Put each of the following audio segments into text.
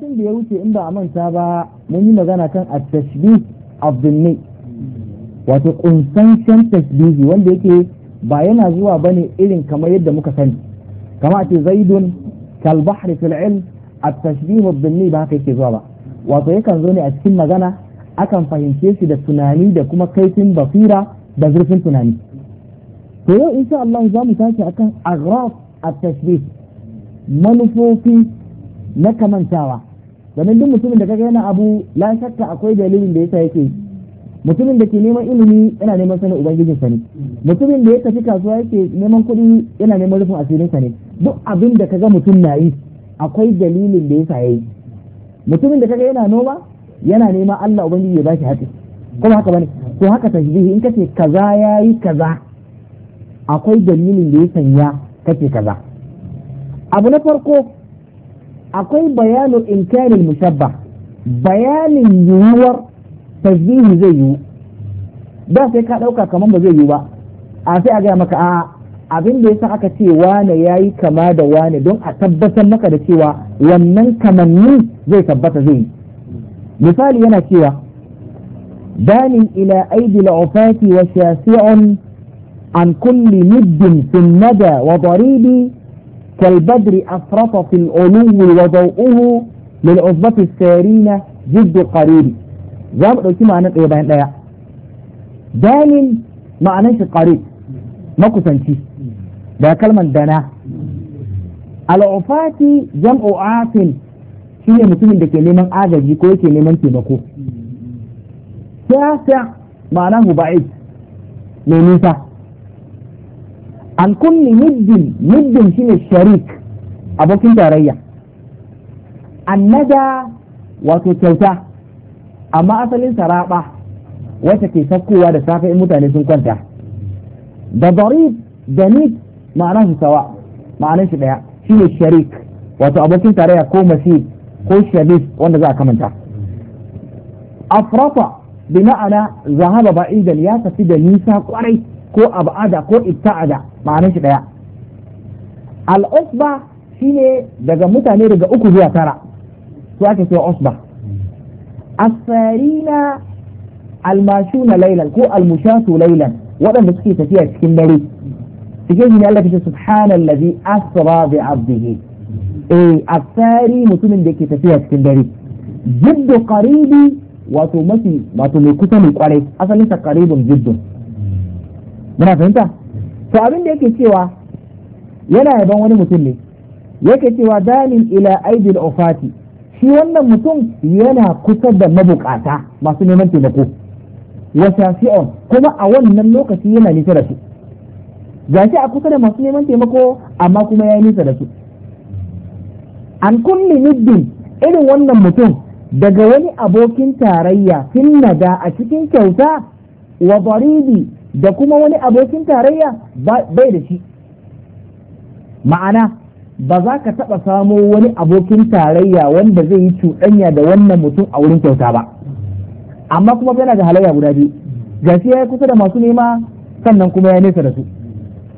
tun da ya wuce in ba a manta ba mun yi magana kan at-tashbih abdulmi wato kunsanshen tashbihi wanda yake ba yana zuwa bane irin kamar yadda muka sani kama ce zaidun kal bahri fil ilm of tashbih ba haka yake zuwa ba wato yakan zo ne a cikin magana akan fahimce shi da tunani da kuma kaifin basira da zurfin tunani to yau insha Allah za mu tashi akan agraf at-tashbih manufofi na kamantawa domin duk mutumin da kaga yana abu la shakka akwai dalilin da yasa yake mutumin da ke neman ilimi yana neman sanin ubangijin sa ne mutumin da ya tafi kasuwa yake neman kuɗi yana neman rufin asirin sa ne duk abin da kaga mutum na yi akwai dalilin da yasa yayi mutumin da kaga yana noma yana neman Allah ubangiji ya bashi haƙi kuma haka bane to haka tashbihi in kace kaza yayi kaza akwai dalilin da ya sanya kake kaza abu na farko akwai bayanu inkarin mushabba bayanin yiwuwar tasbihi zai yiwu da sai ka ɗauka kamar ba zai yiwu ba a sai a gaya maka a abin da yasa aka ce wane ya yi kama da wane don a tabbatar maka da cewa wannan kamannin zai tabbata zai yi misali yana cewa danin ila aidi la'ufati wa shasi'un an kulli muddin sunnada wa daribi كالبدر أفرط في العلو وضوءه للعظمة السارينة جد قريب za mu ɗauki ma'anar ɗaya bayan ɗaya damin ma'anar shi ƙare makusanci da kalmar dana al'ufati jam'u afin shi mutumin da ke neman agaji ko yake neman taimako siyasa ma'anar huba'i mai nisa an kunni muddin muddin shine sharik abokin tarayya annada wato kyauta amma asalin saraba wata ke sakkowa da safe in mutane sun kwanta da darib da nid ma'anar su sawa ma'anar shi daya shine sharik wato abokin tarayya ko masi ko shabis wanda za a kamanta afrafa bi ma'ana zahaba ba'idan ya tafi da nisa kwarai ko ab'ada ko ibta'ada ma'anar shi daya al'usba shine daga mutane daga uku zuwa tara su ake cewa usba asarina almashuna laylan ko almushatu laylan waɗanda suke tafiya cikin dare cikin shi ne Allah kace subhanallazi asra bi abdihi eh asari mutumin da yake tafiya cikin dare jiddu qaribi wato mafi wato mai kusa mai kwarai asalin sa qaribun jiddu. muna fahimta to abin da yake cewa yana yaban wani mutum ne yake cewa dalil ila aidil ofati shi wannan mutum yana kusa da mabukata masu neman taimako wa shafi'un kuma a wannan lokaci yana nisa da su gashi a kusa da masu neman taimako amma kuma ya nisa da su an kulli niddin irin wannan mutum daga wani abokin tarayya fin da a cikin kyauta wa baridi. da kuma wani abokin tarayya bai da shi ma'ana ba za ka taɓa samo wani abokin tarayya wanda zai yi cuɗanya da wannan mutum a wurin kyauta ba amma kuma yana da halayya guda biyu gashi ya kusa da masu nema sannan kuma ya nesa da su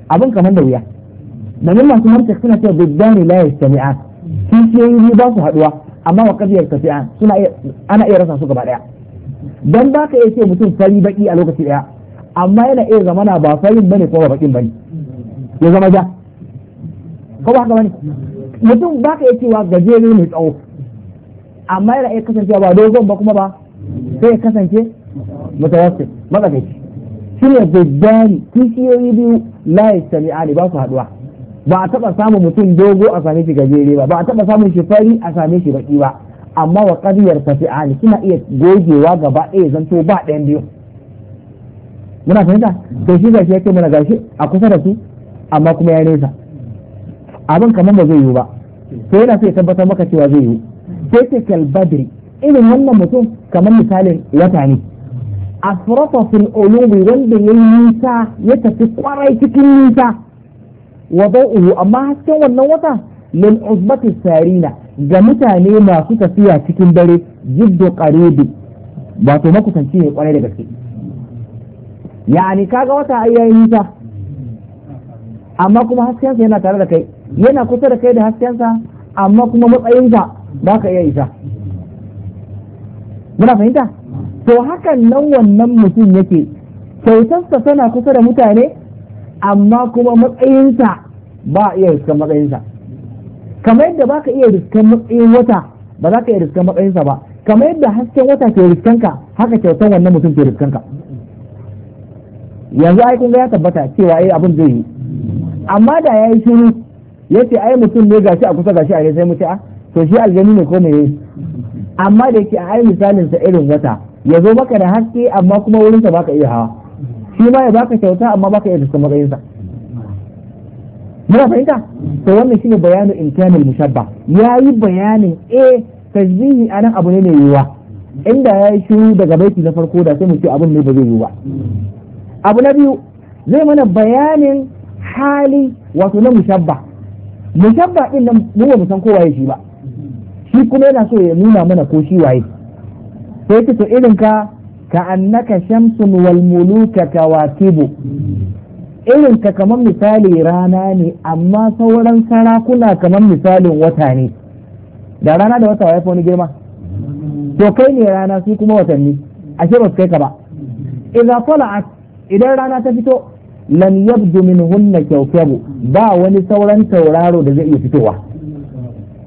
abin kamar da wuya domin masu harshe suna cewa da la yastami'a kishiyoyi biyu ba su haɗuwa amma wa kafiyar tafi'a suna ana iya rasa su gaba ɗaya Don ba ka iya ce mutum fari baƙi a lokaci ɗaya amma yana iya na ba farin bane ko ba bakin bane ya zama ja ko ba haka bane mutum ba ka wa cewa gajere mai tsawo amma yana iya kasancewa ba dogon ba kuma ba sai ya kasance mutawassit matsakaici shi ne daddani kishiyoyi biyu la yastami'ani ba su haduwa ba a taba samun mutum dogo a same shi gajere ba ba a taba samun shi fari a same shi baki ba amma wa qadiyar tafi'ani kina iya gogewa gaba ɗaya zanto ba ɗayan biyu muna fahimta to shi zai yake mana gashi a kusa da su amma kuma ya nesa abin kamar ba zai yiwu ba to yana so ya tabbatar maka cewa zai yiwu sai ce kalbadri irin wannan mutum kamar misalin wata ne asrata fil ulumi wanda ya yi nisa ya tafi kwarai cikin nisa wa bai'uhu amma hasken wannan wata lil uzbatis sarina ga mutane masu tafiya cikin dare jiddu qaribi wato makusanci ne kwarai da gaske yani kaga wata ayyayin yayi nisa amma kuma haskensa yana tare da kai yana kusa da kai da haskensa amma kuma matsayinsa ba ka iya isa muna fahimta to hakan nan wannan mutum yake kyautarsa tana kusa da mutane amma kuma matsayinsa ba iya riskan matsayinsa kamar yadda ba ka iya riskan matsayin wata ba za ka iya riskan matsayinsa ba kamar yadda hasken wata ke riskanka haka kyautar wannan mutum ke riskanka yanzu ai kun ga ya tabbata cewa ai eh, abin zai yi amma da yayi shiru yace ai mutum ne gashi a kusa gashi a sai mu ce a ah, to shi aljani ne ko me amma da yake ai misalin sa irin wata ya zo maka da haske amma kuma wurin sa baka iya hawa shi ma ya baka kyauta amma baka iya fuska matsayin sa muna fahimta to wannan shine bayanin internal mushabba yayi bayanin eh tajbihi anan abu ne mai yiwuwa inda yayi shiru daga baiti na farko da sai mu ce abin ne ba zai yiwu ba abu na biyu zai mana bayanin hali wato na musabba musabba din nan mu ba mu san kowa yake shi ba shi kuma yana so ya nuna mana ko shi waye sai ta to irin ka ka annaka shamsun wal muluka kawakibu irin ka kamar misali rana ne amma sauran sarakuna kamar misalin wata ne da rana da wata ya wani girma to kai ne rana su kuma watanni ashe ba su kai ka ba idza tala'at idan rana ta fito lam yabdu hunna kyaukyabu ba wani sauran tauraro da zai iya fitowa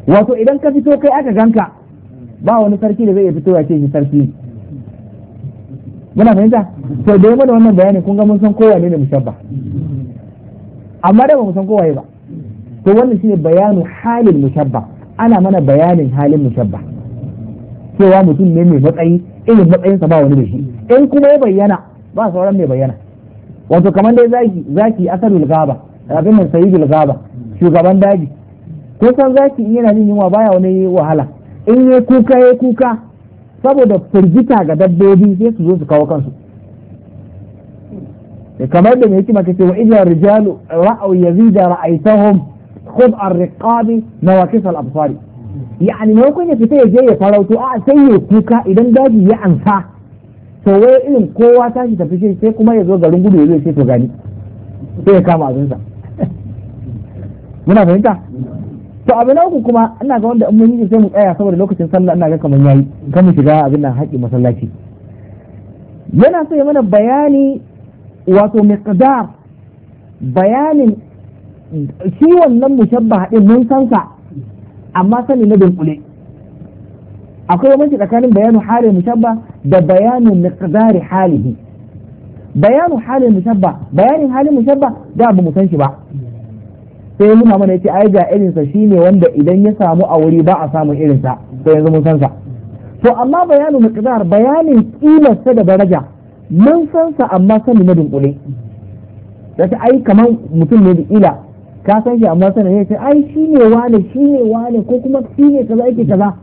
wato idan ka fito kai aka ganka ba wani sarki da zai iya fitowa ce shi sarki muna fahimta to da mana wannan bayani kun ga mun san kowa ne ne mushabba amma da ba mu san kowaye ba to wannan shine bayanu halin musabba ana mana bayanin halin musabba cewa mutum ne mai matsayi irin matsayinsa ba wani da shi in kuma ya bayyana ba sauran mai bayyana wato kamar dai zaki zaki asarul gaba abin nan sayyidul gaba shugaban daji ko san zaki yana jin yunwa baya wani wahala in yi kuka ya kuka saboda firgita ga dabbobi sai su zo su kawo kansu eh, kamar da mai hikima kace wa idan rijalu ra'aw yazida ra'aytahum khud ar-riqabi nawakis al-absari yani maimakon ya fita ya je ya farauto a sai ya kuka idan daji ya ansa to wai irin kowa shi tafi sai kuma ya zo garin gudu ya zo ce to gani sai ya kama abinsa muna fahimta to abin uku kuma ina ga wanda in mun yi sai mu tsaya saboda lokacin sallah ina ga kamar yayi kan shiga abin nan haƙi masallaci yana so ya mana bayani wato miqdar bayanin shi wannan mushabba din mun san sa amma sani na dunkule akwai bambanci tsakanin bayanu halin mushabba da bayanu miqdari halihi bayanu halin mushabba bayanin halin mushabba da ba mu san shi ba sai ya nuna mana yace ai ga irin sa shine wanda idan ya samu a wuri ba a samu irin sa sai yanzu mun san sa to amma bayanu miqdar bayanin kimar sa da daraja mun san sa amma sani na dunkule da ta ai kamar mutum ne da ila ka san shi amma sanin yace ai shine wane shine wane ko kuma shine kaza yake kaza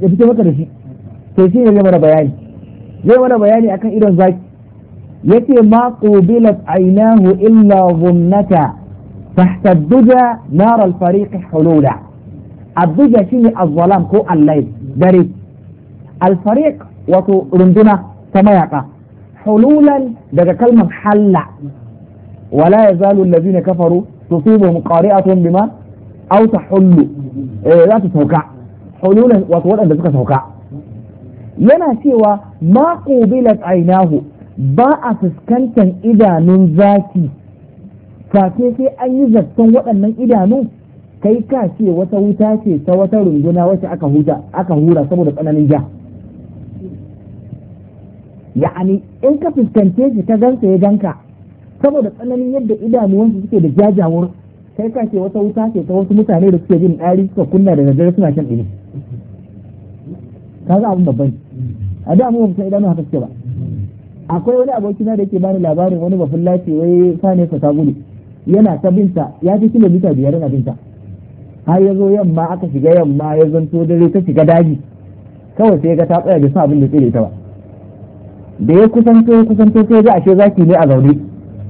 ya fito maka da shi to shi ne mana bayani zai mana bayani akan idon zaki yace ma qubilat aynahu illa dhunnaka fahtabduja nar al fariq hulula abduja shine az-zalam ko al-layl dare al fariq runduna ta mayaƙa hululan daga kalmar halla wala yazalu allazina kafaru تصيبهم قارئة بما أو hullu إيه ta sauka. hululan wato waɗanda suka sauka yana cewa ma qubilat ainahu ba a fuskantar idanun zaki face sai an yi zaton waɗannan idanu kai ka ce wata wuta ce ta wata runguna wacce aka huta aka hura saboda tsananin ja ya'ani in ka fuskance shi ka gansa ya ganka saboda tsananin yadda idanuwansu suke da jajawar kai ka ce wata wuta ce ta wasu mutane da suke jin ɗari suka kunna da daddare suna shan ɗini kaga abin babban a da mun ta idanu haka suke ba akwai wani aboki na da yake bani labarin wani babban lafi wai sane ka gudu yana ta binta ya fi kilomita biyar na binta har ya zo yamma aka shiga yamma ya zanto dare ta shiga daji kawai sai ga ta tsaya da sa abin da tsire ta ba da ya kusanto ya kusanto sai ga ashe zaki ne a zaune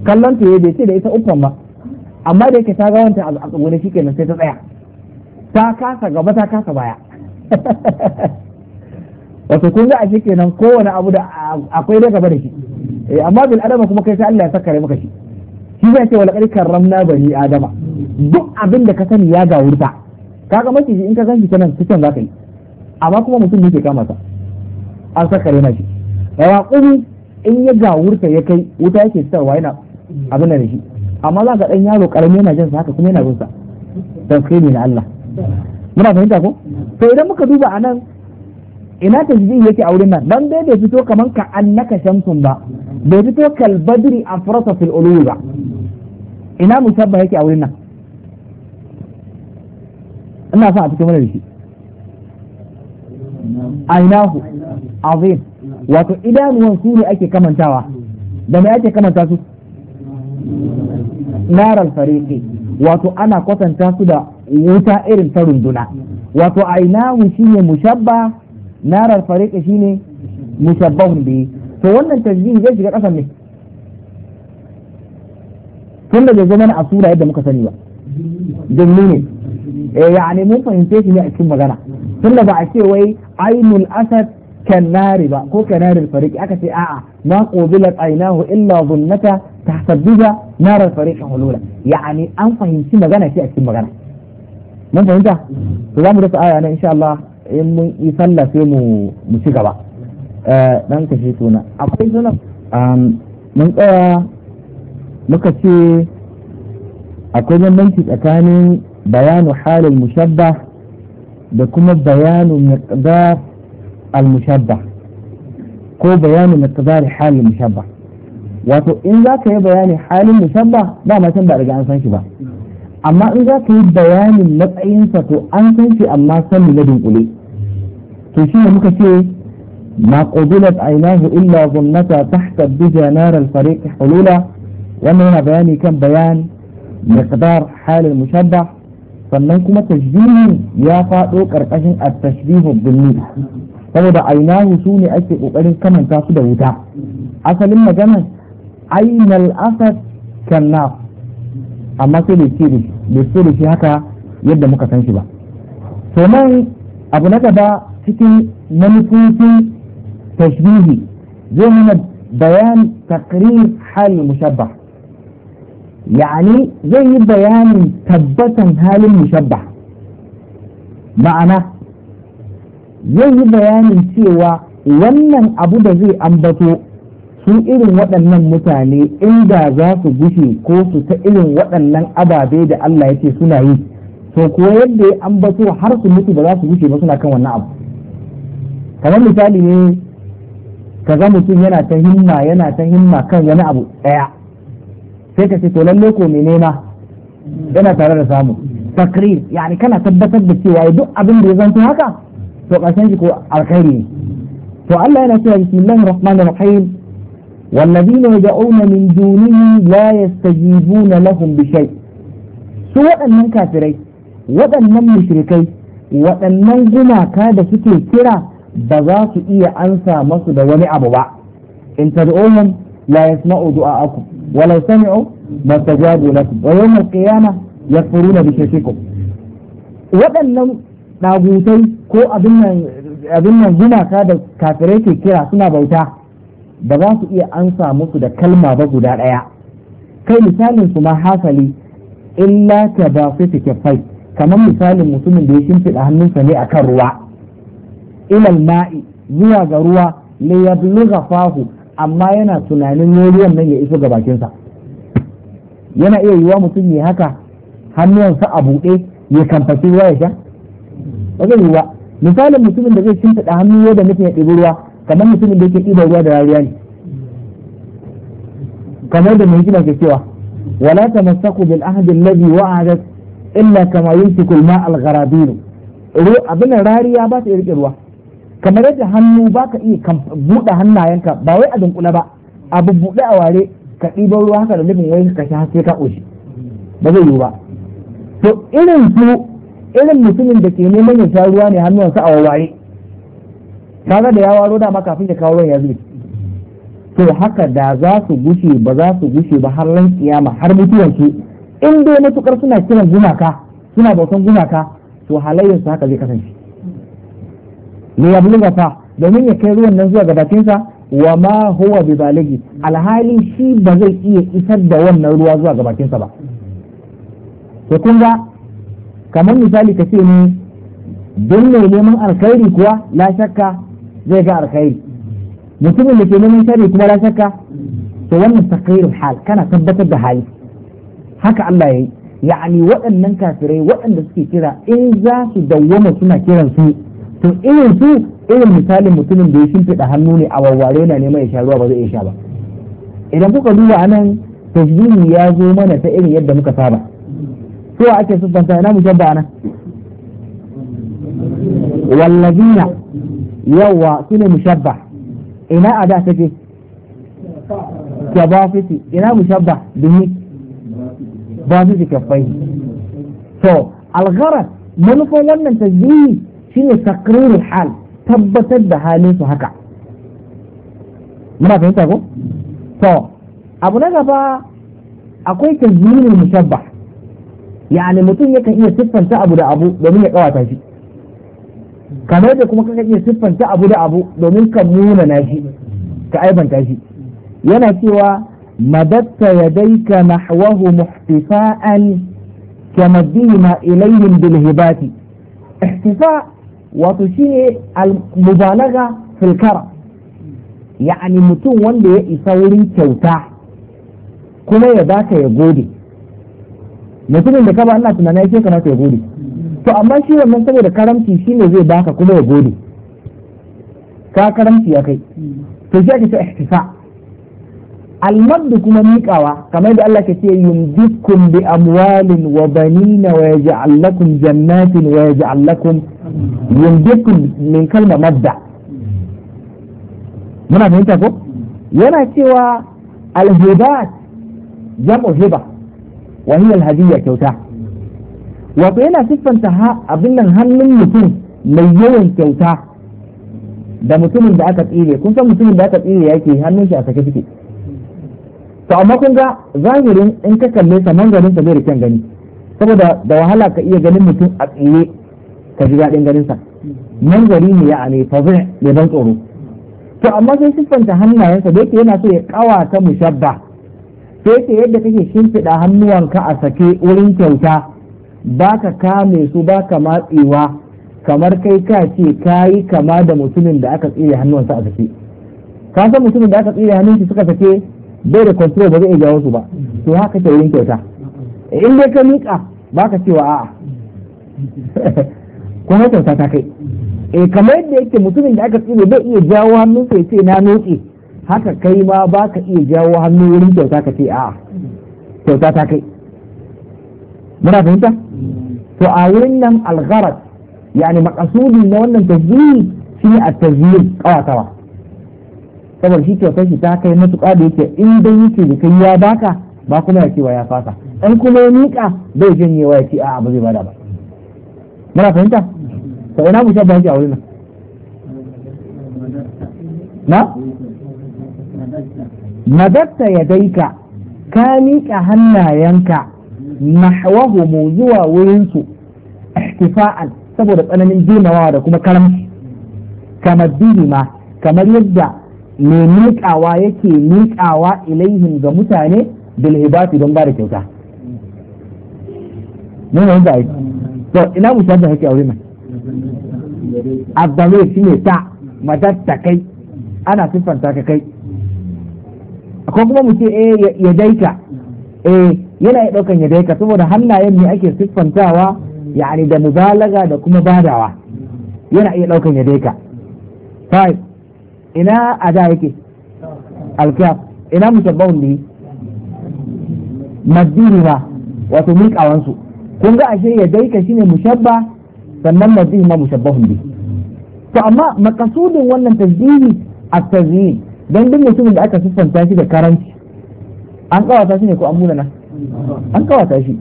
kallon ta bai ce da ita uffan ba amma da yake ta ga wanta a shi shikenan sai ta tsaya ta kasa gaba ta kasa baya wato kun ga a shi kenan kowane abu da akwai dai gaba da shi eh, amma bil adama kuma kai sai Allah ya saka rai maka shi shi zai ce walaqad karramna bani adama duk abin da ka sani ya wurta kaga maki in ka san shi kenan za zaka yi amma kuma mutum ne ke kama sa an saka rai maka Rawa yawa in ya wurta ya kai wuta yake fitarwa yana abin da shi amma za ka dan yaro karami yana jin sa haka kuma yana bin sa ne na Allah muna fahimta ko to idan muka duba anan ina ta tajbi yake a wurin nan dan dai bai fito kaman ka annaka shamsun ba bai fito kal badri afrasa fil ulul ba ina musabba yake a wurin nan ina sa a cikin mana da shi ainahu azim wato idanuwan su ne ake kamantawa da me ake kamanta su naral fariqi wato ana kwatanta su da wuta irin ta runduna wato ainahu shine mushabba narar fariƙa shine musabbahun bihi to wannan tasbihi zai shiga ƙasan ne tun da zama na asura yadda muka sani ba dummi ne eh yani mun fahimce shi ne a cikin magana tun da ba a ce wai ainul asad kan nari ba ko kan narin fariki aka ce a'a ma qubilat ainahu illa dhunnata tahsadduda narar fariki hulula yani an fahimci magana shi a cikin magana mun fahimta to za zamu rasa aya ne insha Allah in mun yi sallah sai mu mu ci gaba eh, dan kashe suna akwai suna um, mun tsaya muka ce akwai bambanci tsakanin bayanu halin mushabba da kuma bayanu miqdar al-mushabba ko bayanu miqdar halin mushabba wato in za ka yi bayani halin mushabba ba ma ba daga an san shi ba amma in za ka yi bayanin matsayinsa to an san shi amma sani na dunkule to shi ne muka ce ma qubilat aynahu illa zunnata tahta bija al fariq hulula wannan yana bayani kan bayan miqdar hal al mushabbah sannan kuma tashbihi ya fado karkashin at tashbih al saboda aynahu su ne ake kokarin kamanta su da wuta asalin maganar ainal asad kan amma sai bai ce bai so da shi haka yadda muka san shi ba to nan abu na gaba cikin manufofin tashbihi zai nuna bayan takrir hal mushabbah yani zai yi bayanin tabbatan halin mushabbah ma'ana zai yi bayanin cewa wannan abu da zai ambato Sun irin waɗannan mutane inda za su gushe ko su ta irin waɗannan ababe da Allah ya ce suna yi to kuwa yadda ya ambato har su mutu ba za su gushe ba suna kan wannan abu kamar misali ne ka ga mutum yana ta himma yana ta himma kan wani abu ɗaya sai ka ce to lalle ko mene ma yana tare da samu takrir yani kana tabbatar da cewa duk abin da ya zanto haka to ƙarshen shi ko alkhairi to Allah yana cewa bismillahir rahmanir rahim والذين يدعون من دونه لا يستجيبون لهم بشيء su waɗannan kafirai waɗannan mushrikai waɗannan gumaka da suke kira ba za su iya ansa masu da wani abu ba in tad'uhum la yasma'u du'a'akum wa law sami'u ma tajabu lakum wa yawm al-qiyamah yakfuruna bi shirkikum waɗannan dagutai ko abin nan abin nan gumaka da kafirai ke kira suna bauta ba za su iya ansa musu da kalma ba guda ɗaya kai misalin su ma hasali illa ta ba su fai kamar misalin mutumin da ya shimfiɗa hannunsa ne a kan ruwa ilal ma'i zuwa ga ruwa ne ya ga fahu amma yana tunanin ruwan nan ya iso ga bakinsa yana iya yiwa mutum ya haka hannunsa a buɗe ya kamfaci ruwa ya sha ba zai yiwa misalin mutumin da zai shimfiɗa hannu yadda nufin ya ɗibi ruwa kamar mutumin da yake ɗiba ruwa da rariya ne kamar da mai gina ke cewa wala tamassaku bil Ahadin alladhi wa'adat illa kama yumsiku al-ma' al-gharabin abin rariya ba ta rike ruwa kamar yadda hannu ba ka iya buɗe hannayenka ba wai a dunkula ba abu buɗe a ware ka ɗiba ruwa haka da nufin wai ka sha sai ka ƙoshi ba zai yiwu ba to irin su irin mutumin da ke neman ya sha ruwa ne hannuwansa a wawaye kaga da ya waro dama kafin ya kawo ya zube to haka da za su gushe ba za su gushe ba har ran kiyama har mutuwan su in dai matukar suna kiran gumaka suna bautan gumaka to halayyar su haka zai kasance ne ya bulunga fa domin ya kai ruwan nan zuwa ga sa wa ma huwa bi alhali shi ba zai iya isar da wannan ruwa zuwa ga bakinsa ba to kun ga kamar misali ka ce ne don mai neman alkhairi kuwa la shakka zai ga alkhairi mutumin da ke neman sharri kuma la shakka to wannan taqrirul hal kana tabbatar da hali haka Allah ya yi ya'ani waɗannan kafirai waɗanda suke kira in za su dawwama suna kiran su to irin su irin misalin mutumin da ya shimfiɗa hannu ne a warware na neman ya sha ruwa ba zai iya sha ba idan kuka duba anan tajjini ya zo mana ta irin yadda muka saba so ake siffanta ina mushabba nan wallazina yawa su ne mushabba ina a da take kyabafiti ina mushabba dumi ba su ji kafai to algara manufar wannan tajbihi shine takrir hal tabbatar da halin su haka muna fahimta ko to abu na gaba akwai tajbihul mushabba yani mutum yakan iya siffanta abu da abu domin ya kawata shi kamar da kuma kaka iya siffanta abu da abu domin ka muna na shi ka aibanta shi yana cewa madatta yadaika nahwahu muhtifa'an kama bima ilayhim bil hibati ihtifa wato shine al mubalagha fil karam yani mutum wanda ya isa wurin kyauta kuma ya baka ya gode mutumin da ka ba Allah tunanin ya kamata ya gode to amma shi wannan saboda karamci shi ne zai baka kuma ya gode ka karamci ya kai to shi ake ce ihtifa almadu kuma miƙawa kamar da Allah ke ce yumdikum bi amwalin wa banina wa yaj'al lakum jannatin wa yaj'al lakum yumdikum min kalma madda muna fahimta ko yana cewa alhibat jam'u hiba wa hiya alhadiyya kyauta wato yana siffanta abin nan hannun mutum mai yawan kyauta da mutumin da aka tsire kun san mutumin da aka tsire yake hannun shi a sake suke to amma kun ga zahirin in ka kalle sa manzarin sa zai kyan gani saboda da wahala ka iya ganin mutum a tsire ka ji daɗin ganin sa manzari ne ya ne fazin ne ban tsoro to amma sai siffanta hannayensa da yake yana so ya kawata mushabba sai yake yadda kake shimfiɗa hannuwanka a sake wurin kyauta ba ka kame su ba ka matsewa kamar kai ka ce ka yi kama da mutumin da aka tsire hannunsa a sake ka san mutumin da aka tsire hannunsa suka sake bai da control ba zai iya jawo su ba to haka ke wurin kyauta in dai ka miƙa ba ka cewa a'a na kyauta ta kai eh kamar yadda yake mutumin da aka tsire bai iya jawo hannunsa ya ce na notse haka kai ma ba ka iya jawo hannu wurin kyauta ka ce a'a kyauta ta kai muna fahimta to a wurin nan algharat yani makasudi na wannan tazyir shi ne a tazyir kawatawa saboda shi ke shi ta kai matuƙa da yake in dai yake da kai ya baka ba kuma ya cewa ya fasa an kuma ya miƙa bai janyewa ya ce a ba zai bada ba muna fahimta to ina musha ba a wurin nan na madatta ya ka miƙa hannayenka nahwahumu zuwa wurin su ihtifa'an saboda tsananin girmamawa da kuma karamci kamar ma kamar yadda mai miƙawa yake miƙawa ilaihim ga mutane bil hibati don ba da kyauta mun yanzu a yi to ina mutum haƙƙi a aure mai abdame shi ne ta madatta kai ana siffanta ka kai akwai kuma mu ce eh ya daika eh yana yi ɗaukan ya daika saboda hannayen ne ake siffantawa yani da mubalaga da kuma badawa yana iya ɗaukan ya daika five ina a da yake alkaf ina musabbaun ne maddini ma wato miƙawansu kun ga ashe ya daika shine mushabba sannan maddini ma musabbaun ne to amma makasudin wannan tasbihi a tasbihi don duk mutumin da aka siffanta shi da karanci an kawata shi ne ko an munana an kawata shi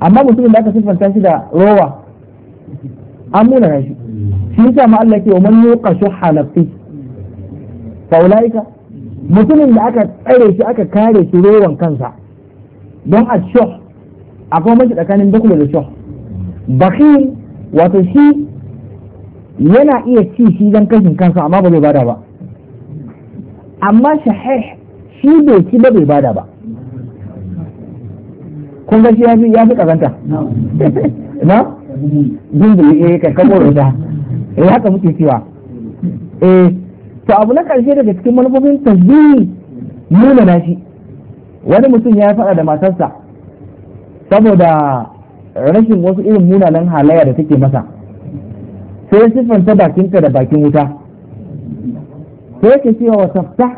amma mutumin da aka siffanta shi da rowa an munana shi shi yasa ma Allah ke wa man yuqa shuhha nafsi fa ulaika mutumin da aka tsare shi aka kare shi rowan kansa don a shuh akwai mace tsakanin dakula da shuh bakhil wato shi yana iya ci shi don kashin kansa amma ba zai bada ba amma shahih shi bai ci ba bai bada ba kun ga shi ya fi karanta na kazanta na yi kai kabo da ya eh, haka muke cewa eh to abu na karshe daga cikin manufofin tasbihi nuna na shi wani mutum ya faɗa da matarsa saboda rashin wasu irin munanan halayya da take masa sai siffanta bakinta da bakin wuta sai yake cewa wa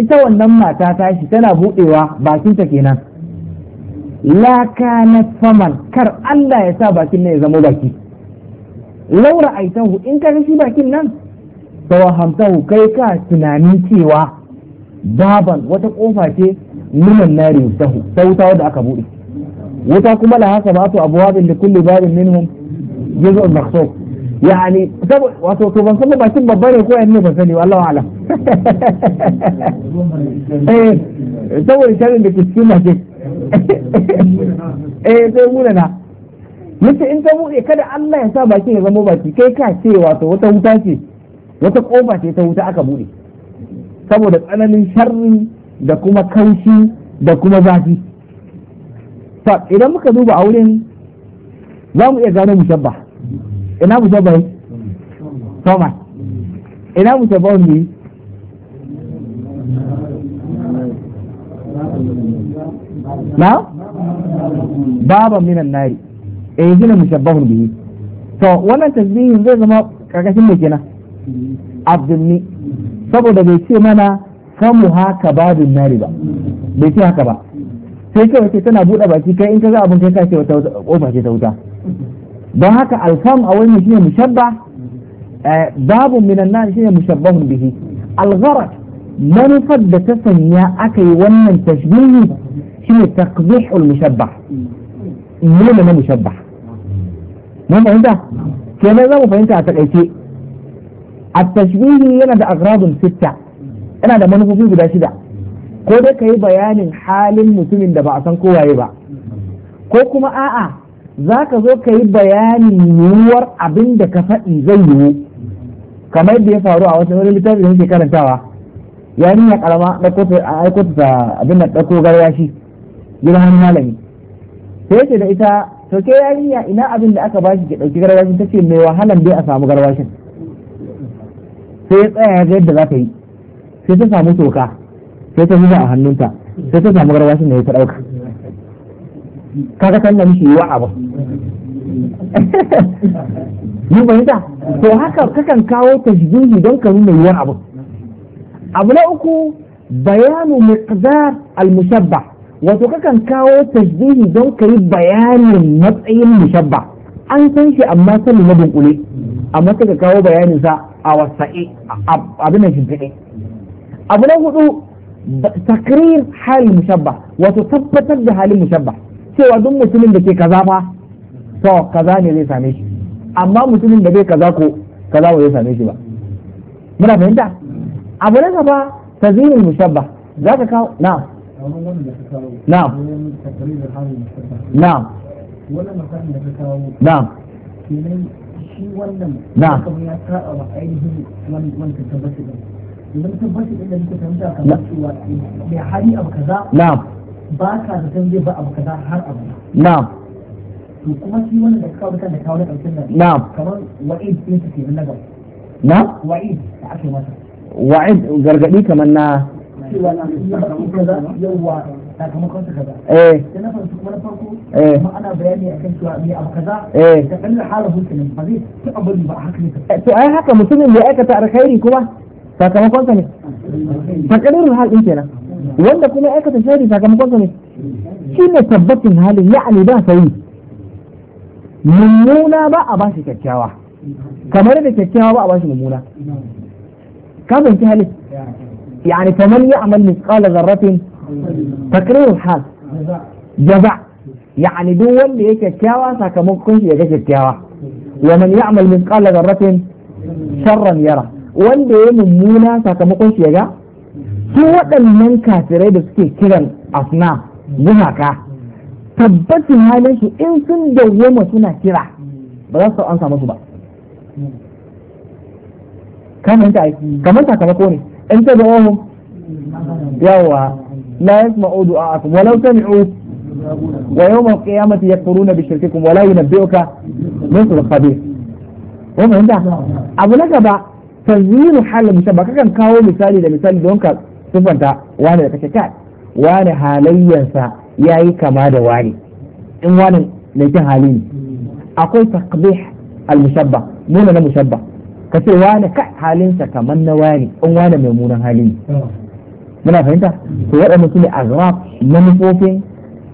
ita wannan mata tashi tana buɗewa bakinta kenan la kana faman kar Allah ya sa bakin nan ya zama baki laura aitahu in ka shi bakin nan tawahamtahu kai ka tunani cewa baban wata kofa ce minan nari mutahu ta wuta wadda aka buɗe wuta kuma la haka ba su abuwabin da kulli babin minhum juz'un maksud yani wato to ban san bakin babba ne ko yan ne ban sani wallahi ala eh saboda sharin da ke cikin eh sai muna na in ta buɗe kada Allah ya sa baki ya zama baki kai ka ce wato wata wuta ce wata kofa ce ta wuta aka buɗe saboda tsananin sharri da kuma kaushi da kuma zafi fa idan muka duba auren za mu iya gano mushabba ina mushabba ne Thomas ina mushabba ne na baban minan nari eh gina mushabbahun bihi to wannan tasbihin zai zama karkashin mai kenan abdulni saboda bai ce mana famu haka babin nari ba bai ce haka ba sai kawai ce tana buɗe baki kai in ka ga abin kai ka ce wata kofa ce ta wuta don haka alfam a wani shine mushabba eh, babun minan nari shi shine mushabbahun bihi algharat manufar da ta sanya aka yi wannan tashbihi shine taqbihul mushabbah nuna na mushabbah mun fahimta kenan za mu fahimta a takaice at-tashbihi yana da agrabun sitta yana da manufofi guda shida ko dai kai bayanin halin mutumin da ba a san kowaye ba ko kuma a'a za ka zo ka yi bayanin yiwuwar abinda ka faɗi zai yiwu kamar yadda ya faru a wata wani littafi da muke karantawa ya nuna karama da kotu da abin da ɗauko garwashi gidan malami sai yace da ita to ke yarinya ina abin da aka bashi ke dauki garwashin tace mai wahalan dai a samu garwashin sai ya tsaya ga yadda za ta yi sai ta samu toka sai ta zuba a hannunta sai ta samu garwashin da ya ta dauka kaga kan nan shi wa abu mun fahimta to haka kakan kawo tajbihi don ka nuna yiwuwar abu abu na uku bayanu miqdar al-mushabbah wato kakan kawo tasbihi don ka yi bayanin matsayin mushabba an san shi amma sanin na dunkule amma sai ka kawo bayanin sa a wasa'i abin da shimfiɗe abu na hudu takrir halin mushabba wato tabbatar da halin mushabba cewa duk mutumin da ke kaza fa to kaza ne zai same shi amma mutumin da bai kaza ko kaza ba zai same shi ba muna fahimta abu na gaba tazinin mushabba za ka kawo na'am na'am na'am wannan misalin da ka kawo na'am kenan shi wannan na'am kamar ya saba wa ainihin wannan tabbata din idan tabbata din da muka tambaya kamar cewa mai hali abu kaza na'am ba ka da zai ba abu kaza har abu na'am to kuma shi wannan da kawo da kawo na karshen nan na'am kamar wa'id din su kenan na gaba na'am wa'id da ake masa wa'id gargadi kamar na cewa na kaza yawa sakamakon su kaza eh da na farko kuma na farko eh kuma ana bayani akan cewa me abu kaza eh da kallon halin mutum ba zai ci abin ba haka ne to ai haka mutumin mai ya aikata alkhairi kuma sakamakon ka ne fakirin halin kenan wanda kuma aikata shari sakamakon ka ne shi ne tabbacin halin ya'ani ba sauyi mummuna ba a bashi kyakkyawa kamar da kyakkyawa ba a bashi mummuna ka fahimci halin يعني فمن يعمل مثقال ذرة تقرير الحال جزاء يعني دو wanda ya kyakkyawa sakamakon shi ya ga kyakkyawa wa man ya'mal mithqala dharratin sharran yara wanda ya mummuna sakamakon shi ya ga su waɗannan kafirai da suke kiran asna gumaka tabbacin halin su in sun dawwama suna kira ba za su ba kamar sakamako ne انت دعوهم يوا لا يسمعوا دعاءكم ولو سمعوا ويوم القيامة يكفرون بشرككم ولا ينبئك مثل الخبير هم انت ابو لك با تزيين حال مشابه كان كاو مثالي ده مثال دونك ثم انت وانا لك شكات وانا حاليا سا يأي إيه كما دواني ان وانا لك حالين اقول تقبيح المشبه مونا مشبه ka ce wani ka halinsa kamar na wani ɗan wani mai munan hali ne oh. muna fahimta to waɗanda su ne zama manufofin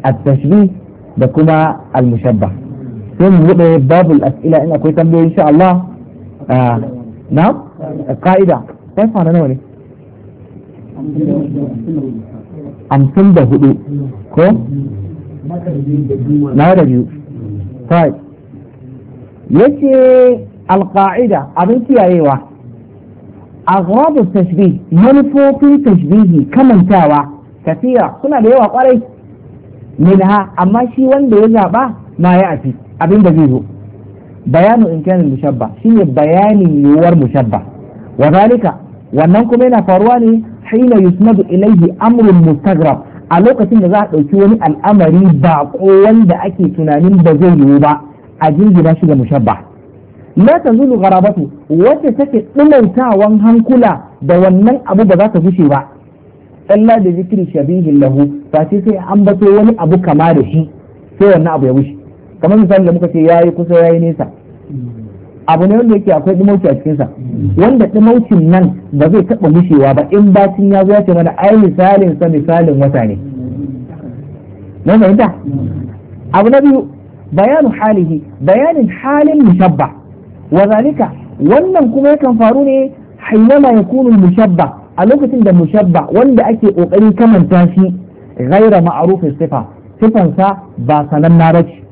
a tashbih da kuma al sai mu buɗe babul as'ila in akwai tambayoyi insha Allah ah, na ka'ida sai fara nawa ne hamsin da hudu ko na da biyu yake alƙa'ida abin kiyayewa aghlabu tashbih manufofin tashbihi kamantawa kafiya suna da yawa kwarai minha amma shi wanda ya zaba ma ya afi abin da zai zo bayanu imkanin mushabba shine bayanin yiwuwar mushabba wa zalika wannan kuma yana faruwa ne hina yusnadu ilayhi amrun mustagrab a lokacin da za a ɗauki wani al'amari baƙo wanda ake tunanin ba zai yiwu ba a jingina shi da mushabba la tanzulu gharabatu wacce take dimantawan hankula da wannan abu ba za ta gushe ba illa da zikri shabihin lahu ba sai sai an bato wani abu kama da shi sai wannan abu ya wuce kamar misali da muka ce yayi kusa yayi nesa abu ne wanda yake akwai dimauci a cikinsa wanda dimaucin nan ba zai taɓa gushewa ba in bacin ya zo ya ce mana ai misalin sa misalin wata ne Na fahimta abu na biyu bayanu halihi bayanin halin mushabba wazanika wannan kuma yakan faru ne hayyama yakunu mushabba a lokacin da mushabba wanda ake kokarin kamanta shi ghaira ma'ruf sifa sifansa ba sananna ba ce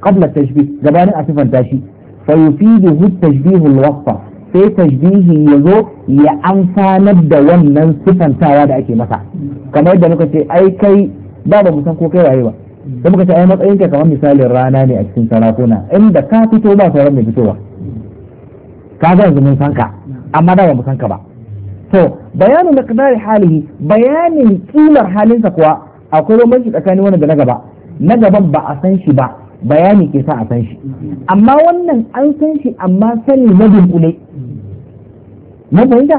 qabla tashbih gabanin a sifanta shi fa yufiduhu tashbihu al sai tashbihi yazo ya amfanar da wannan sifantawa da ake masa kamar yadda muka ce ai kai ba ba san ko kai waye ba da muka ce ai matsayinka kamar misalin rana ne a cikin sarakuna inda ka fito ba sauran mai fitowa ka ga yanzu mun san ka amma da ba mu san ka ba to bayanin miqdari halihi bayanin kimar halinsa kuwa akwai bambanci tsakanin wannan da na gaba na gaban ba a san shi ba bayani ke sa a san shi amma wannan an san shi amma sani na dunkule na fahimta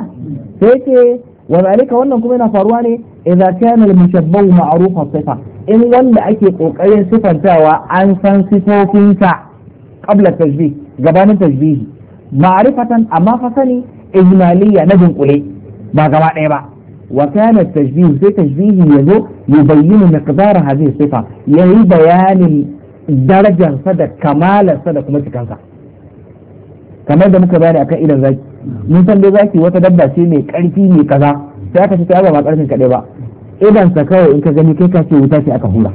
sai ce wa zalika wannan kuma yana faruwa ne idza kana al-mushabbahu ma'rufa sifa in wanda ake kokarin sifantawa an san sifofinsa qabla tajbih gabanin tajbihi Ma'arifatan amma fa sani ijmaliya na dunkule ba gaba ɗaya ba wa kana tajbih sai tajbih yazo yubayyinu miqdar hadhihi sifa yayi bayanin darajar sa da kamalar da kuma cikansa kamar da muka bayani akan idan zaki mun san dai zaki wata dabba ce mai karfi mai kaza sai aka ce ta ba karfin kadai ba idan sa in ka gani kai ka ce wuta ce aka hula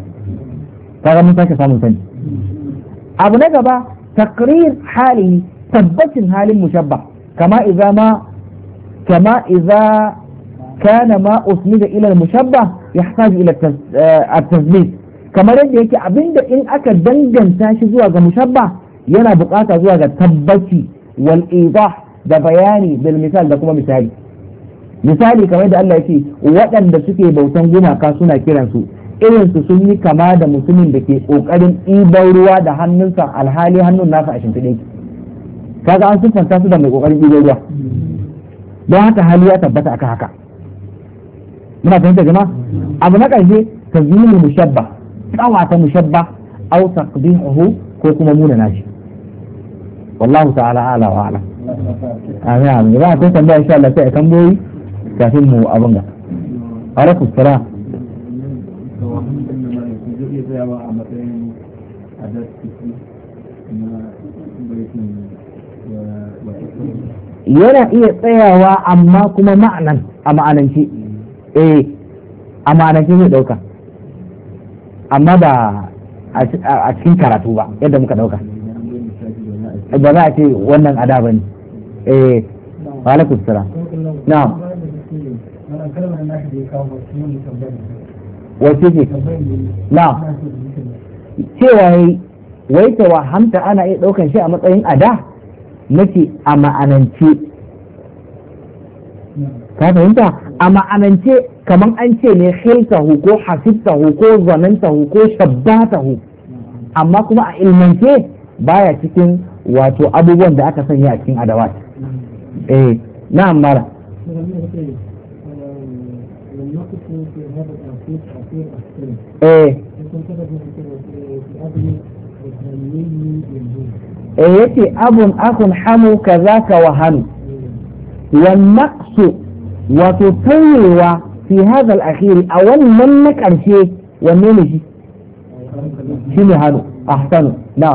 kaga mun sake samun sani abu na gaba takrir hali tabbacin halin mushabba kama idza ma kama idza kana ma usnida ila mushabba yahtaju ila eh, tasbih kamar yadda yake abinda in aka danganta shi zuwa ga mushabba yana bukata zuwa ga tabbaci wal idah da bayani bil misal da kuma misali misali kamar yadda Allah yake waɗanda suke bautan gumaka suna kiransu irinsu sun yi kama da mutumin da ke ƙoƙarin ɗiban ruwa da hannunsa alhali hannun nasa a shimfiɗe kaga an sun fanta su da mai kokarin ido ruwa don haka hali ya tabbata akan haka muna fahimta jama'a abu na ƙarshe tazminul mushabba au mushabba aw taqdihu ko kuma muna nashi wallahu ta'ala ala wa ala amin amin ba a kun tambaya insha Allah sai a tambayoyi kafin mu abunga alaikum salam yana iya tsayawa amma kuma ma'anan a ma'anance. eh a ma'anance zai dauka amma ba a cikin karatu ba yadda muka dauka ba za a ce wannan ada ba ne eh wa alaikum salam na wace ce Na? cewa wai ta wahamta ana iya daukan shi a matsayin ada nake a ma'anance ka fahimta a ma'anance kamar an ce ne hiltahu ko hafiztahu ko zanantahu ko shabbatahu amma kuma a ilmance baya cikin wato abubuwan da aka sanya a cikin adawat eh na mara eh e eh, yake abun akun hamu ka za ka wahanu wannaqsu wato tauyewa fi hadha al-akhir a wannan na karshe wanne ne shi shi ne hanu ahsanu na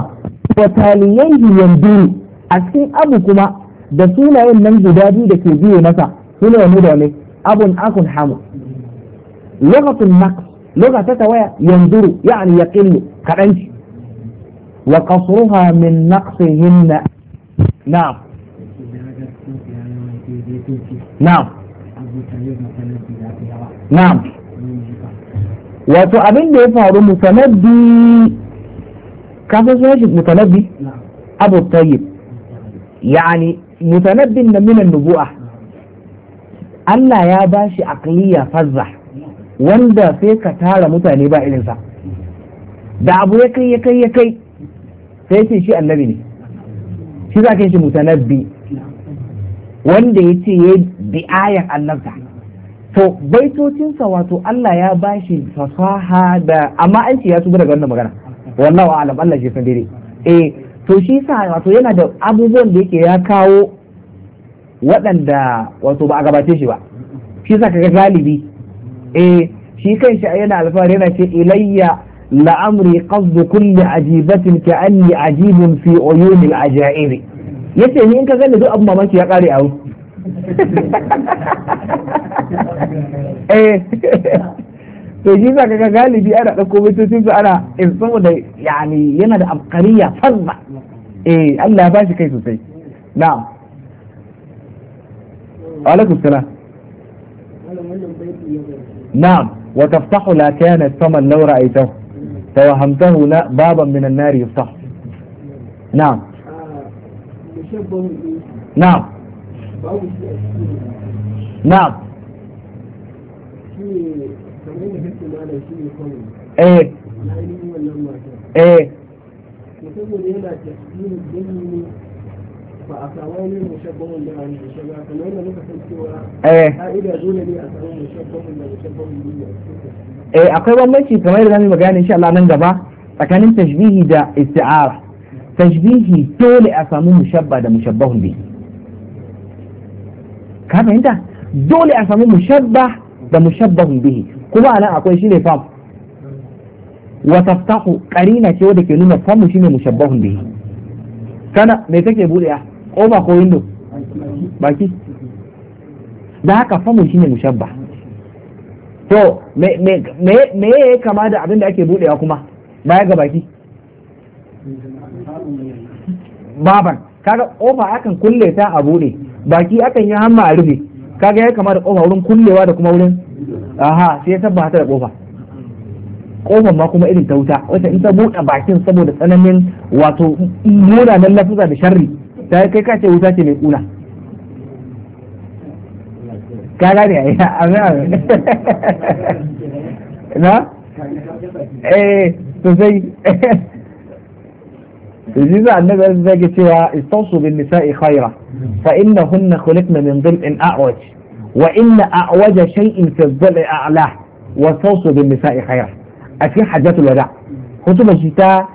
wa taliyaihi yanzuru a cikin abu kuma da sunayen nan guda biyu da ke biye masa suna wani da wanne abun akun hamu lokacin naqs lokacin tawaya yanzuru ya yaqillu kaɗanci. wa qasruha min naqsihinna na'am na'am na'am wato abin da ya faru mutanabbi kafin sunan shi mutanabbi abu tayyib yani mutanabbin na minan nubu'a Allah ya ba shi aqliya fazza wanda sai ka tara mutane ba irinsa da abu ya kai ya kai ya kai sai ce shi annabi ne shi za ka yi shi mutanabbi wanda ya ce ya bi ayar annabta to baitocinsa wato Allah ya bashi fasaha da amma an ce ya tuba daga wannan magana wallahu a'lam Allah shi san daidai eh to shi sa wato yana da abubuwan da yake ya kawo waɗanda wato ba a gabace shi ba shi sa kaga galibi eh shi kanshi yana alfahari yana ce ilayya لعمري قصد كل عجيبة كأني عجيب في عيون العجائب يسأل أنت قال دو أبو ماشي يا قاري أو إيه. تجيبا كقالي دي أنا أقوم تسيب أنا إنسان إيه، ده يعني ينادى عبقرية فضة إيه الله باشي كيف سي نعم عليكم السلام نعم وتفتح لا كان الثمن لو رأيته توهمته بابا من النار يفتح نعم نعم نعم ايه ايه ba a samu kamar yadda muka san cewa eh. ka'ida eh akwai bambanci kamar yadda zamu magana insha Allah nan gaba tsakanin tashbihi da isti'ara tashbihi dole a samu mushabba da mushabbahun bihi ka fahimta dole a samu mushabba da mushabbahun bihi kuma anan akwai shine fam wa taftahu qarina ce wadda ke nuna famu shine mushabbahun bihi kana me take buɗe over ko window baki da haka famun shine mushabba to me me me ya kama da abin da ake budewa kuma baya ga baki baban kaga over akan kulle ta a bude baki akan yi hamma a rufe kaga ya kama da kofa wurin kullewa da kuma wurin aha sai ya sabba ta da kofa kofar ma kuma irin ta wuta wata in ta buɗe bakin saboda tsananin wato munanan lafuza da sharri ta kai ka ce wuta ce mai kuna ka gane ai amin na eh to sai يجيز عن النبي زي سوى استوصوا بالنساء خيرا فإنهن خلقن من ضلع أعوج وإن أعوج شيء في الضلع أعلاه واستوصوا بالنساء خيرا أكي حجات الوداع خطبة شتاء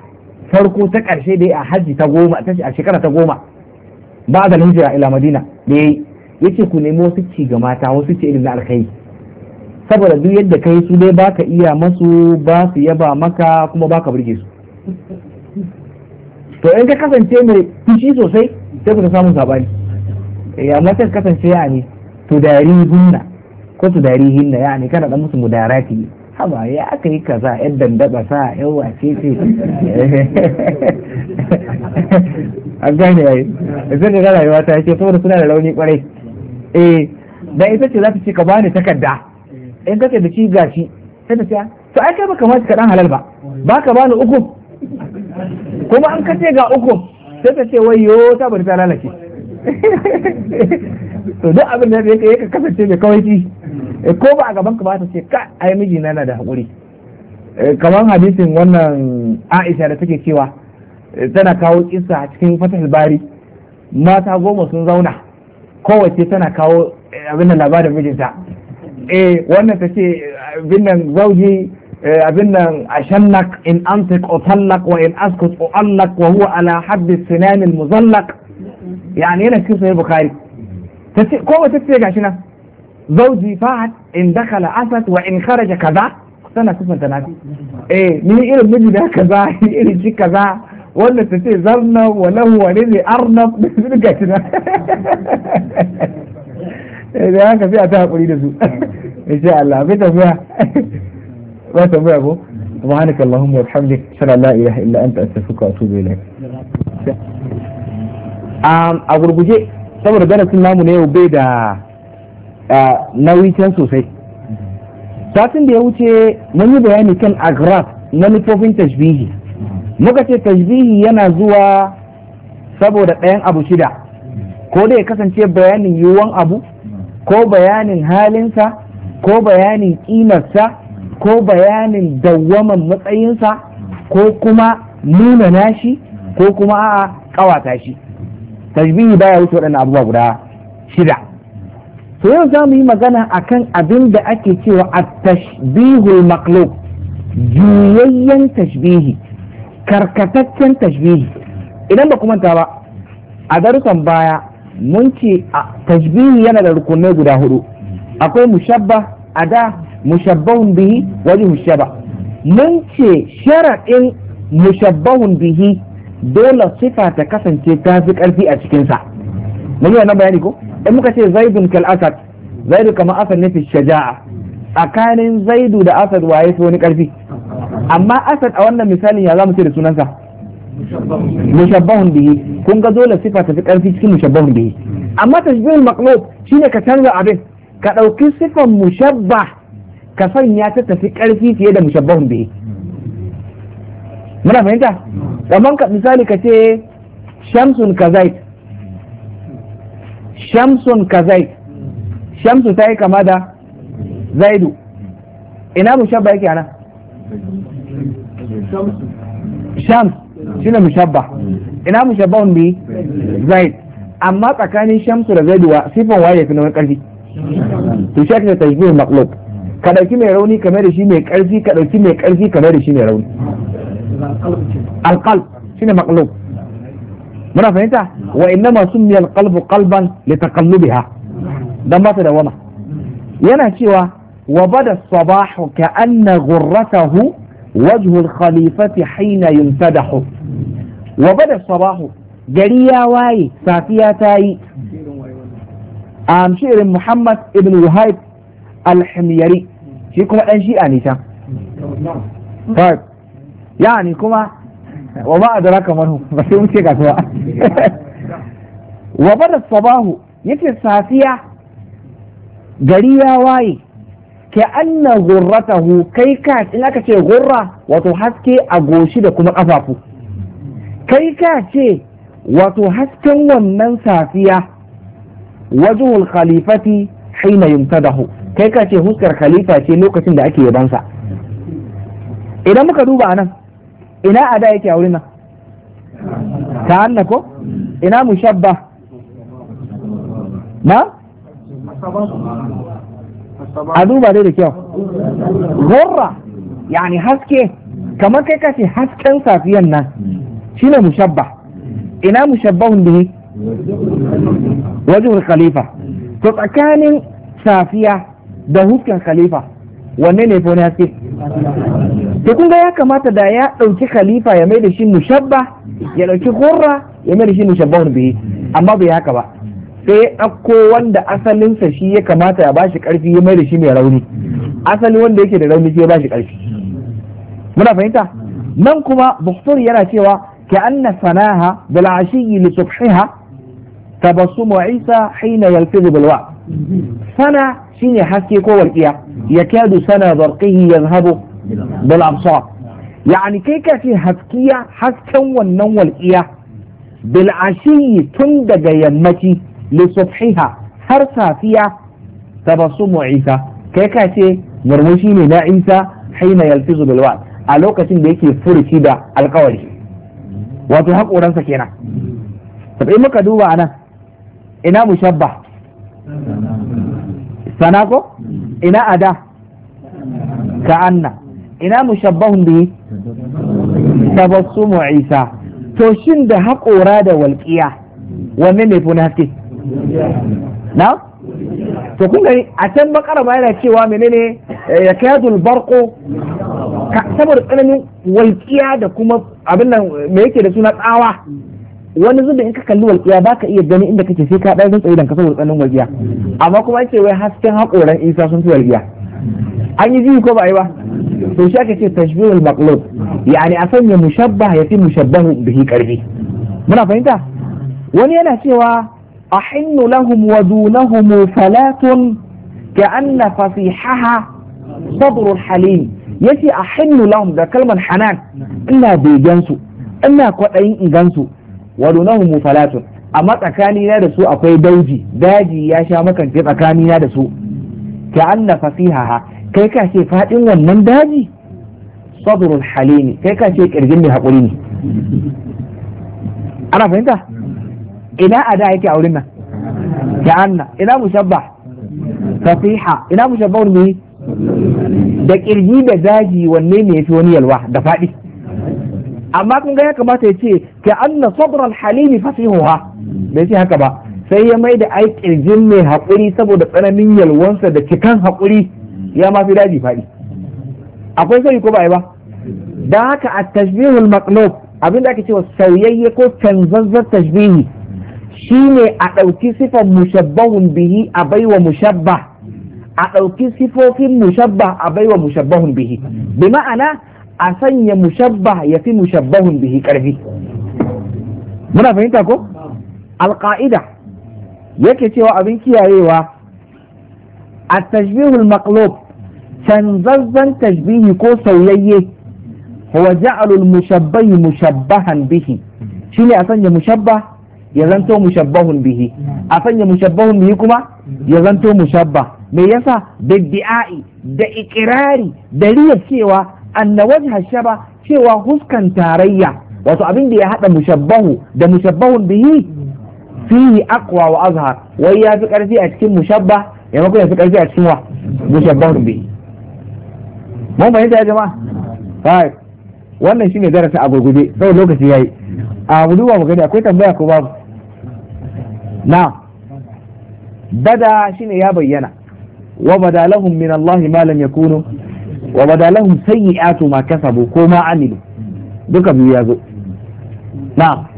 farko ta ƙarshe dai a hajji ta goma ta shekara ta goma ba da hijira ila madina da yayi ce ku nemi wasu ci ga mata wasu ci irin na alkhairi saboda duk yadda ka yi su dai baka iya masu ba su yaba maka kuma baka burge su to in ka kasance mai fushi sosai sai ku ta samun sabani ya eh, mata kasance ya ne to dari hunna ko to dari hinna ya ne kana dan musu mudarati haba ya aka yi kaza yadda dandaba sa yan wace ce an gane yayi zan ga rayuwa ta yake saboda suna da rauni kwarai eh da ita ce za ta ce ka bani takarda in kake da shi gashi sai ta ce to ai kai baka ma ka dan halal ba baka bani uku kuma an kace ga uku sai ta ce wayyo ta bari ta lalace to duk abin da yake yake kasance mai kawaici eh, ko ba a gaban ka ba ta ce ka ai miji na da hakuri eh, kamar hadisin wannan Aisha da take cewa tana kawo kisa a cikin fatahil bari mata goma sun zauna kowace tana kawo eh, abin nan labarin mijinta eh wannan ta ce abin nan zauji eh, abin nan ashannak in amsik utallak wa in askus uallak wa huwa ala haddi sinan al muzallak yani yana cikin sahih bukhari tace kowace ce gashi nan zauji fahad in dakala asad wa in kharaja kaza tana sifanta naka eh ni irin miji da kaza irin shi kaza wanda ta ce zarna wa lahu wa ne ne arnab da su duka kina eh, da haka sai a ta haƙuri da su insha Allah bai tafiya ba tambaya ko سبحانك اللهم وبحمدك اشهد ان لا اله الا انت استغفرك واتوب اليك um a gurguje saboda darasin namu na bai da nauyi can sosai satin da ya wuce mun yi bayani kan agraf manufofin tashbihi muka ce tashbihi yana zuwa saboda ɗayan abu shida ko dai ya kasance bayanin yiwuwan abu ko bayanin halinsa ko bayanin ƙimarsa ko bayanin dawwaman matsayinsa ko kuma nuna nashi ko kuma a ƙawata shi tashbihi baya wuce waɗannan abubuwa guda shida to yau za mu yi magana a kan abin da ake cewa a tashbihul maklub juyayyen tashbihi karkataccen tashbihi idan ba kuma ta ba a darussan baya mun ce tashbihi yana da rukunai guda hudu akwai mushabba ada mushabbahun bihi waje mushaba mun ce sharaɗin mushabbahun bihi dole sifa ta kasance ta fi ƙarfi a cikinsa mun yi wannan bayani ko in muka ce zaidun kal asad zaidu kama asad ne fi shaja'a tsakanin zaidu da asad waye fi wani ƙarfi amma asad a wannan misalin ya za mu ce da sunansa mushabbahun bihi kun ga dole sifa ta fi karfi cikin mushabbahun bihi amma tashbihul maqlub shine ka canza abin ka ɗauki sifan mushabba ka sanya ta tafi karfi fiye da mushabbahun bihi muna fahimta kamar ka misali ka ce shamsun kazait shamsun kazait shamsu ta yi kama da zaidu ina mushabba yake ana shams shine mushabba ina mushabbahun bi zaid amma tsakanin shamsu da zaidu wa sifan waye fi nauyin ƙarfi, to shi ake tajbihul maqlub ka dauki mai rauni kamar da shi mai ƙarfi, ka dauki mai ƙarfi, kamar da shi mai rauni alqalb shine maqlub muna fahimta wa innama summiya alqalbu qalban ha, dan ba su da wama yana cewa wa bada sabahu ka anna gurratahu. وجه الخليفة حين يمتدح وبدأ الصباح جريا واي سافيا تاي أم شعر محمد ابن وهيب الحميري shi kuma ɗan shi'a ne can طيب يعني كما وما أدراك من هو بس يمشي كسوا وبدا الصباح يتي السافية gari ya waye ka anna hu kai ka in aka ce gurra wato haske a goshi da kuma kafafu kai ka ce wato hasken wannan safiya wajuhul khalifati hina yumtadahu kai ka ce huskar khalifa ce lokacin da ake yabansa idan muka duba anan ina ada yake a wurin nan ta hanna ko ina mushabba na a duba dai da kyau gurra yani haske kamar kai kace hasken safiyan nan shine mushabba ina mushabbahun bihi wajen khalifa to tsakanin safiya da huskan khalifa wanne ne fa haske to kun ga ya kamata da ya dauki khalifa ya mai da shi mushabba ya dauki gorra, ya mai da shi mushabbahun bihi amma bai haka ba sai akko wanda asalinsa shi ya kamata ya bashi karfi ya mai da shi mai rauni asali wanda yake da rauni shi ya bashi karfi muna fahimta nan kuma buktur yana cewa ka anna sanaha bil ashiyi li subhiha tabassumu isa hina yalfizu bil sana shine haske ko walqiya yakadu sana zarqihi yadhhabu bil absar yani kai ka ce haskiya hasken wannan walqiya bil ashiyi tun daga yammaci lissafiha har safiya tabassumu isa kai ka ce murmushi ne na isa haina yalfizu bilwa a lokacin da yake furuci da alkawari wato haƙoransa kenan tabi muka duba anan ina mushabba sana ko ina ada ka anna ina mushabbahun bihi tabassumu isa to shin da haƙora da walƙiya wanne ne fi haske na to kun gani a can bakara ba yana cewa menene eh, ya kai kayadul barko saboda tsananin walƙiya da kuma abin nan me yake da suna tsawa wani zubin in ka kalli walƙiya ba ka iya gani inda kake sai ka ɗaya tsaye ka saboda tsananin walƙiya amma kuma ce wai hasken haƙoran isa sun fi walƙiya an yi jiyu ko ba yi ba to shi ake ce tashbihul maqlub yani a sanya mushabba ya fi mushabbahu bihi karbi muna fahimta wani yana cewa أحن لهم ودونهم فلاة كأن فصيحها صدر الحليم yace a hannu da kalman hanan ina begen su ina kwaɗayin ingan su wa dunahum falatun amma tsakani da su akwai dauji daji ya sha makance tsakani na da su ka anna fasihaha kai ka ce fadin wannan daji sadrul halimi kai ka ce kirgin mai hakuri ne ana fahimta ina da yake a wurin nan ja'anna ina mushabbah fasiha ina mushabbah ne da kirji da daji wanne ne fi wani yalwa da faɗi amma kun ga ya kamata ya ce ka anna sabr al halimi fasihuha bai ce haka ba sai ya mai da ai kirjin mai haƙuri saboda tsananin yalwansa da cikan haƙuri ya ma fi daji faɗi akwai sai ko ba ba Da haka a tashbihul maqlub abinda ake cewa sauyayye ko canzazzar tashbihi shine a ɗauki sifan mushabbahun bihi a baiwa mushabba a ɗauki sifofin mushabba a baiwa mushabbahun bihi bi ma'ana a sanya mushabba ya fi mushabbahun bihi ƙarfi muna fahimta ko alƙa'ida yake cewa abin kiyayewa a tashbihul maqlub canzazzan tashbihi ko sauyayye huwa ja'alul mushabbahi mushabbahan bihi shine a sanya mushabba ya zanto mushabbahun bihi a sanya mushabbahun bihi kuma ya zanto mushabba me yasa da bi'a'i da ikirari da riya cewa annawaj hashaba cewa huskan tarayya wato abin da ya hada mushabbahu da mushabbahun bihi fihi aqwa wa azhar wai ya fi karfi a cikin mushabba ya mako ya fi karfi a cikin wa mushabbahun bihi mun fahimta ya jama'a wannan shine darasi a gurgube sau lokaci yayi a mu duba mu gani akwai tambaya ko babu na bada shine ya bayyana wa lahum min Allah ma lam yakunu wa badalahum sayyi'atu ma kasabu ko ma amilu duka biyu ya zo na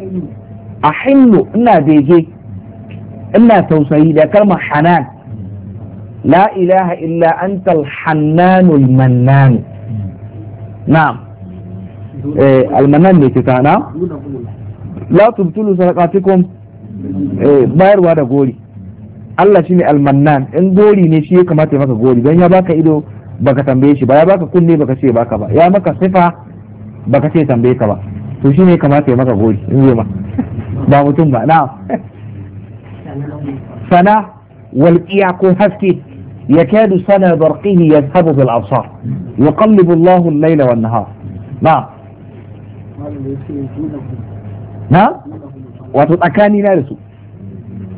a hinnu ina bege ina tausayi da kalmar hanan la ilaha illa antal hannanul mannan na'am Eh, almanan ne ke kana la tubtulu sadaqatikum eh, bayarwa da gori Allah shine almannan in gori ne shi ya kamata ya maka gori don ya baka ido baka tambaye shi ba ya baka kunne baka ce baka ba ya maka sifa baka ce tambaye ka ba to shi ne kamata ya maka gori in zai ma ba mutum ba na sana walqiya ko haske ya يكاد سنة برقه يذهب بالأبصار يقلب الله الليل والنهار نعم na wato tsakani na da su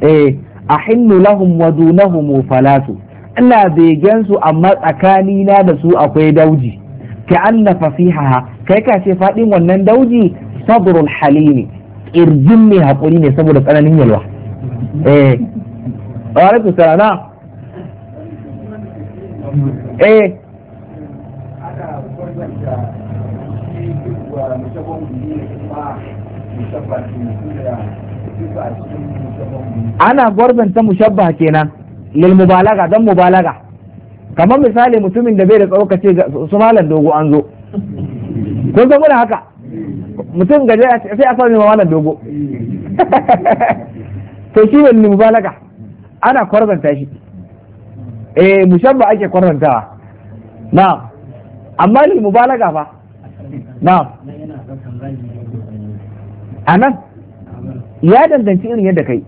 eh ahillu lahum wa dunahum falatu ina begen su amma tsakani na da su akwai dauji ka anna fasihaha kai ka ce fadin wannan dauji sabrul halimi irjin ne hakuri ne saboda tsananin yalwa eh wa alaikum salam eh ana gwarzanta mushabba kenan lil mubalaga dan mubalaga kamar misali mutumin da bai da tsawo kace su malam dogo an zo kun san muna haka mutum gaje sai a sami malam dogo to shi ne mubalaga ana kwarzanta shi eh mushabba ake kwarzantawa na, amma lil mubalaga fa na'am a ya danganci irin yadda kai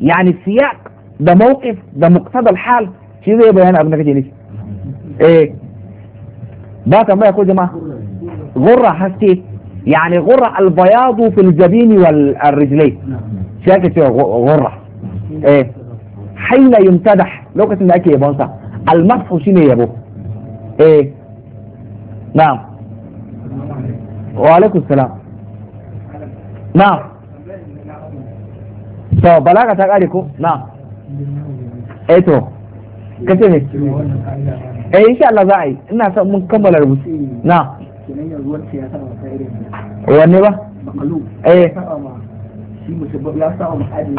yani siyak da mawqif da muqtadal hal shi zai bayani abin da kake nufi eh ba tambaya ko jama'a gurra haske yani gurra albayadu fil jabini wal rijlai shi ake cewa gurra eh haina yumtadah lokacin da ake yabon sa almasu shine yabo eh na'am wa alaikum salam na to balaga ta kare ko na eh to kace ne eh insha Allah za a yi ina son mun kammala rubutu na wanne ba eh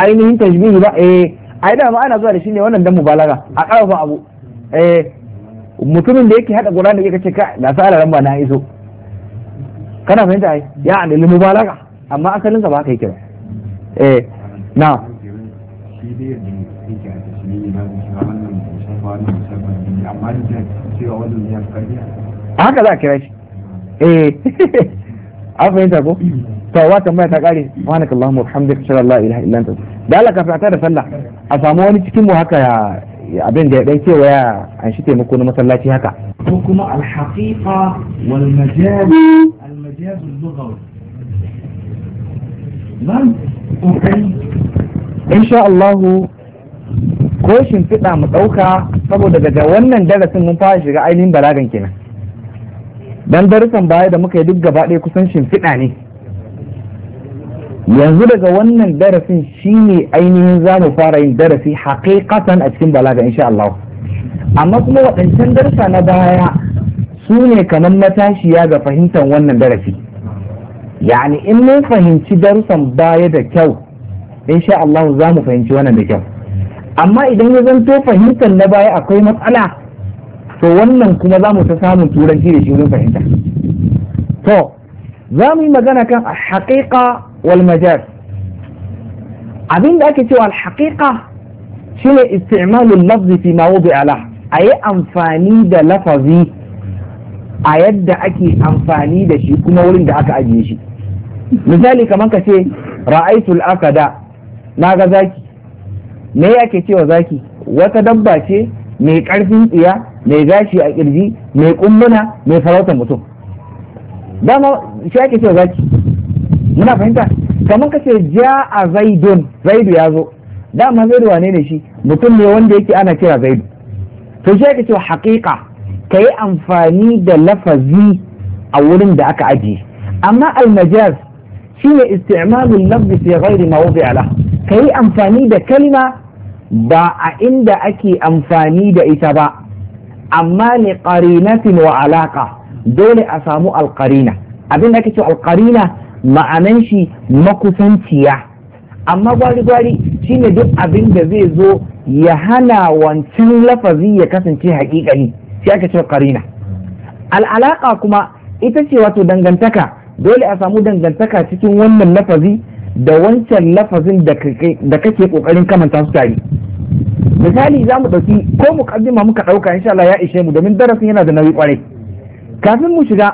ainihin tashbihi ba eh ai da ma ana zuwa da shi ne wannan dan mubalaga a karfa abu eh mutumin da yake hada Qur'ani yake ce ka da sa alaran ba na iso kana fahimta ai ya an ilmi mubalaga amma asalin sa ba ka yi ba eh na haka za a kira shi eh an fahimta ko to wa tambaya ta kare subhanaka allahumma bihamdika shalla la ilaha illa anta da Allah ka fata da sallah a samu wani cikin mu haka ya abin da ya dan cewa ya an shi taimako na masallaci haka ko kuma al-haqiqa wal majaz al-majaz al-lughawi sha Allahu ko shimfiɗa mu ɗauka saboda daga wannan darasin mun fara shiga ainihin balagan kenan dan darasan baya da muka yi duk gaba ɗaya kusan shimfiɗa ne yanzu daga wannan darasin shine ainihin za mu fara yin darasi haƙiƙatan a cikin balaga sha Allahu amma kuma waɗancan darsa na baya su ne kamar matashiya ga fahimtar wannan darasi yani in mun fahimci darussan baya da kyau insha Allah za mu fahimci wannan da kyau amma idan ya zanto fahimtar na baya akwai matsala to wannan kuma za mu ta samun turanci da shi wurin fahimta to za mu yi magana kan haƙiƙa wal majaz abin da ake cewa haƙiƙa shine isti'malul lafzi fi ma wudi'a ala ayi amfani da lafazi a yadda ake amfani da shi kuma wurin da aka ajiye shi misali kamar ka ce ra'aitul akada na ga zaki me yake cewa zaki wata dabba ce mai karfin tsiya mai gashi a kirji mai kumbuna mai farautar mutum dama shi ake cewa zaki muna fahimta kamar ka ce ja a zaidun zaidu ya zo dama zaidu wane ne shi mutum ne wanda yake ana kira zaidu to shi ake cewa haƙiƙa ka yi amfani da lafazi a wurin da aka ajiye amma almajaz shi ne isti'malul lafzi fi ghairi mawdi'a ala. ka yi amfani da kalma ba a inda ake amfani da ita ba amma li qarinatin wa alaqa dole a samu alqarina abin da ake cewa alqarina ma'anan shi makusanciya amma gwari-gwari shine duk abin da zai zo ya hana wancan lafazi ya kasance haƙiƙani. sai aka ce karina al'alaka kuma ita ce wato dangantaka dole a samu dangantaka cikin wannan lafazi da wancan lafazin da kake kokarin kamanta su tare misali za mu ɗauki ko mu kaddima muka ɗauka insha Allah ya ishe mu domin darasin yana da nauyi kwarai kafin mu shiga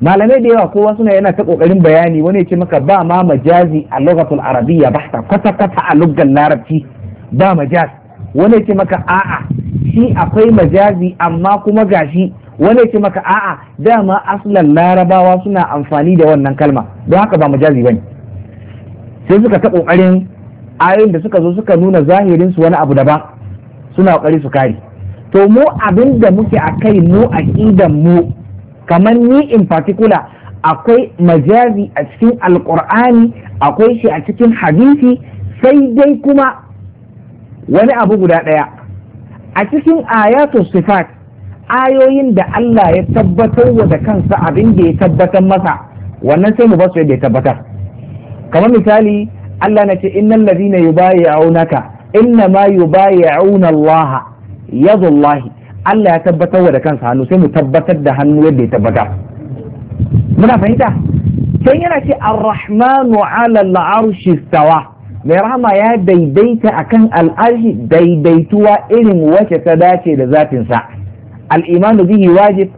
malamai da yawa kowa suna yana ta kokarin bayani wani ce maka ba ma majazi a lugatul arabiyya ba ta kwata kwata a lugar larabci ba majaz wani ce maka a'a shi akwai majazi amma kuma gashi wani ce maka a'a dama aslan larabawa suna amfani da wannan kalma don haka ba majazi bane sai suka ta kokarin ayoyin da suka zo suka nuna zahirin su wani abu daban suna kokari su kare to mu abin da muke a kai mu aqidan mu kamar ni in particular akwai majazi a cikin alkur'ani akwai shi a cikin hadisi sai dai kuma wani abu guda ɗaya a cikin ayatu sifat ayoyin da Allah ya tabbatar wa da kansa abin da ya tabbatar masa wannan sai mu basu yadda ya tabbatar kamar misali Allah na ce innal ladina yubayyi'unaka inna ma yubayyi'una Allah yadullahi Allah ya tabbatar wa da kansa hannu sai mu tabbatar da hannu yadda ya tabbatar muna fahimta sai yana ce arrahmanu rahmanu 'ala al-'arshi mai rahama ya daidaita akan al'arshi daidaituwa irin wacce ta dace da zatinsa al'imanu bihi wajib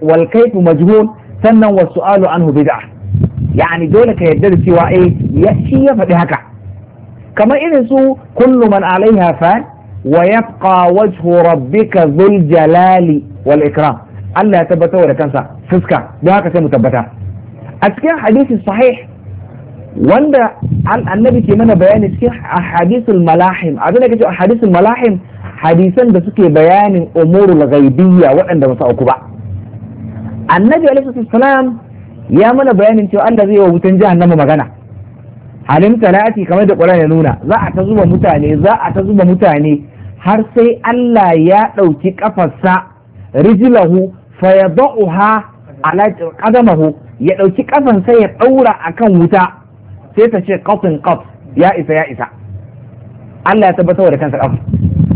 wal kaifu majhul sannan wasu alu anhu bid'a yani dole ka yarda da cewa eh ya shi ya faɗi haka kamar irin su kullu man alaiha fan wa yabqa wajhu rabbika dhul jalali wal ikram Allah ya tabbatar da kansa fuska don haka sai mu tabbata a cikin hadisi sahih wanda annabi ke mana bayani cikin ahadisul malahim abin da kace ahadisul malahim hadisan da suke bayanin umurul ghaibiyya waɗanda ba su auku ba annabi alaihi salam ya mana bayanin cewa Allah zai wa wutan jahannama magana halin talati kamar da Qur'ani ya nuna za a ta zuba mutane za a ta zuba mutane har sai Allah ya ɗauki kafarsa rijlahu fayadauha ala qadamahu ya ɗauki kafansa ya ɗaura akan wuta sai ta ce qafin qaf ya isa ya isa Allah ya tabbatar da kansa qaf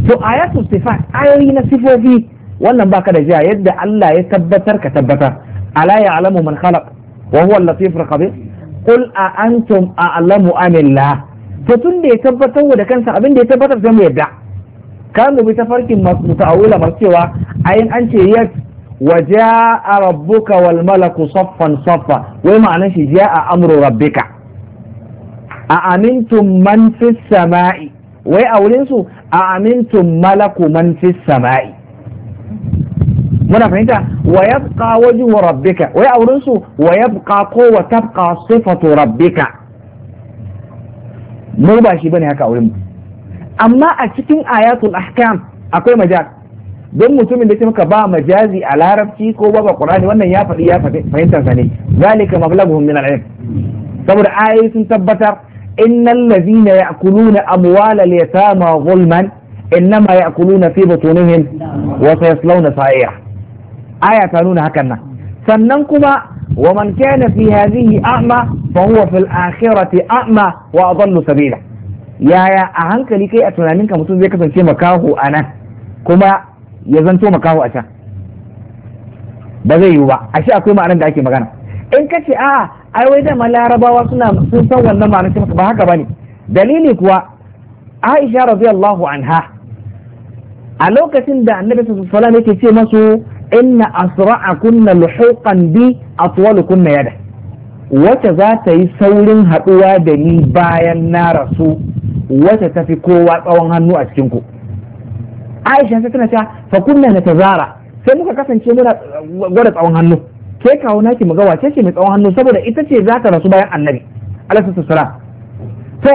to a ayatu sifat ayoyi na sifofi wannan baka da jiya yadda Allah ya tabbatar ka tabbatar ala ya'lamu man khalaq wa huwa al-latif al-khabir qul a antum a'lamu am Allah to tun da ya tabbatar da kansa abin da ya tabbatar sai mu yadda kan mu bi tafarkin muta'awila masu cewa ayin an ce yas wa ja'a rabbuka wal malaku saffan saffa wai ma'anar shi ja'a amru rabbika a amintun man fi sama'i wai a wurin su a amintun malaku man fi sama'i muna fahimta wa yabqa wajhu rabbika wai a wurin su wa yabqa ko wa tabqa sifatu rabbika mu ba shi bane haka a wurin mu amma a cikin ayatul ahkam akwai majaz don mutumin da ke maka ba majazi a larabci ko ba qur'ani wannan ya faɗi ya fahimtar sa ne zalika mablaghum min al-ilm saboda ayoyi sun tabbatar in ladhina ya'kuluna amwalal yatama zulman innama ya'kuluna fi butunihim wa sayaslawna sa'ira aya ta nuna hakan nan sannan kuma wa man kana fi hadhihi a'ma fa huwa fil akhirati a'ma wa adallu sabila yaya a hankali kai a tunaninka mutum zai kasance makaho a nan kuma ya zanto makaho a can ba zai yiwu ba a akwai ma'anar da ake magana in ka ce a ai wai dama larabawa suna sun san wannan ma'anar ce ba haka bane dalili kuwa Aisha radiyallahu anha a lokacin da annabi sallallahu alaihi yake ce masu inna asra'akunna luhuqan bi atwalukunna yada wacce za ta yi saurin haɗuwa da ni bayan na rasu wacce ta fi kowa tsawon hannu a cikin ku Aisha sai tana ta fa kunna natazara sai muka kasance muna gwada tsawon hannu ke kawo naki mu ga wace ce mai tsawon hannu saboda ita ce za ta rasu bayan annabi alaihi salam to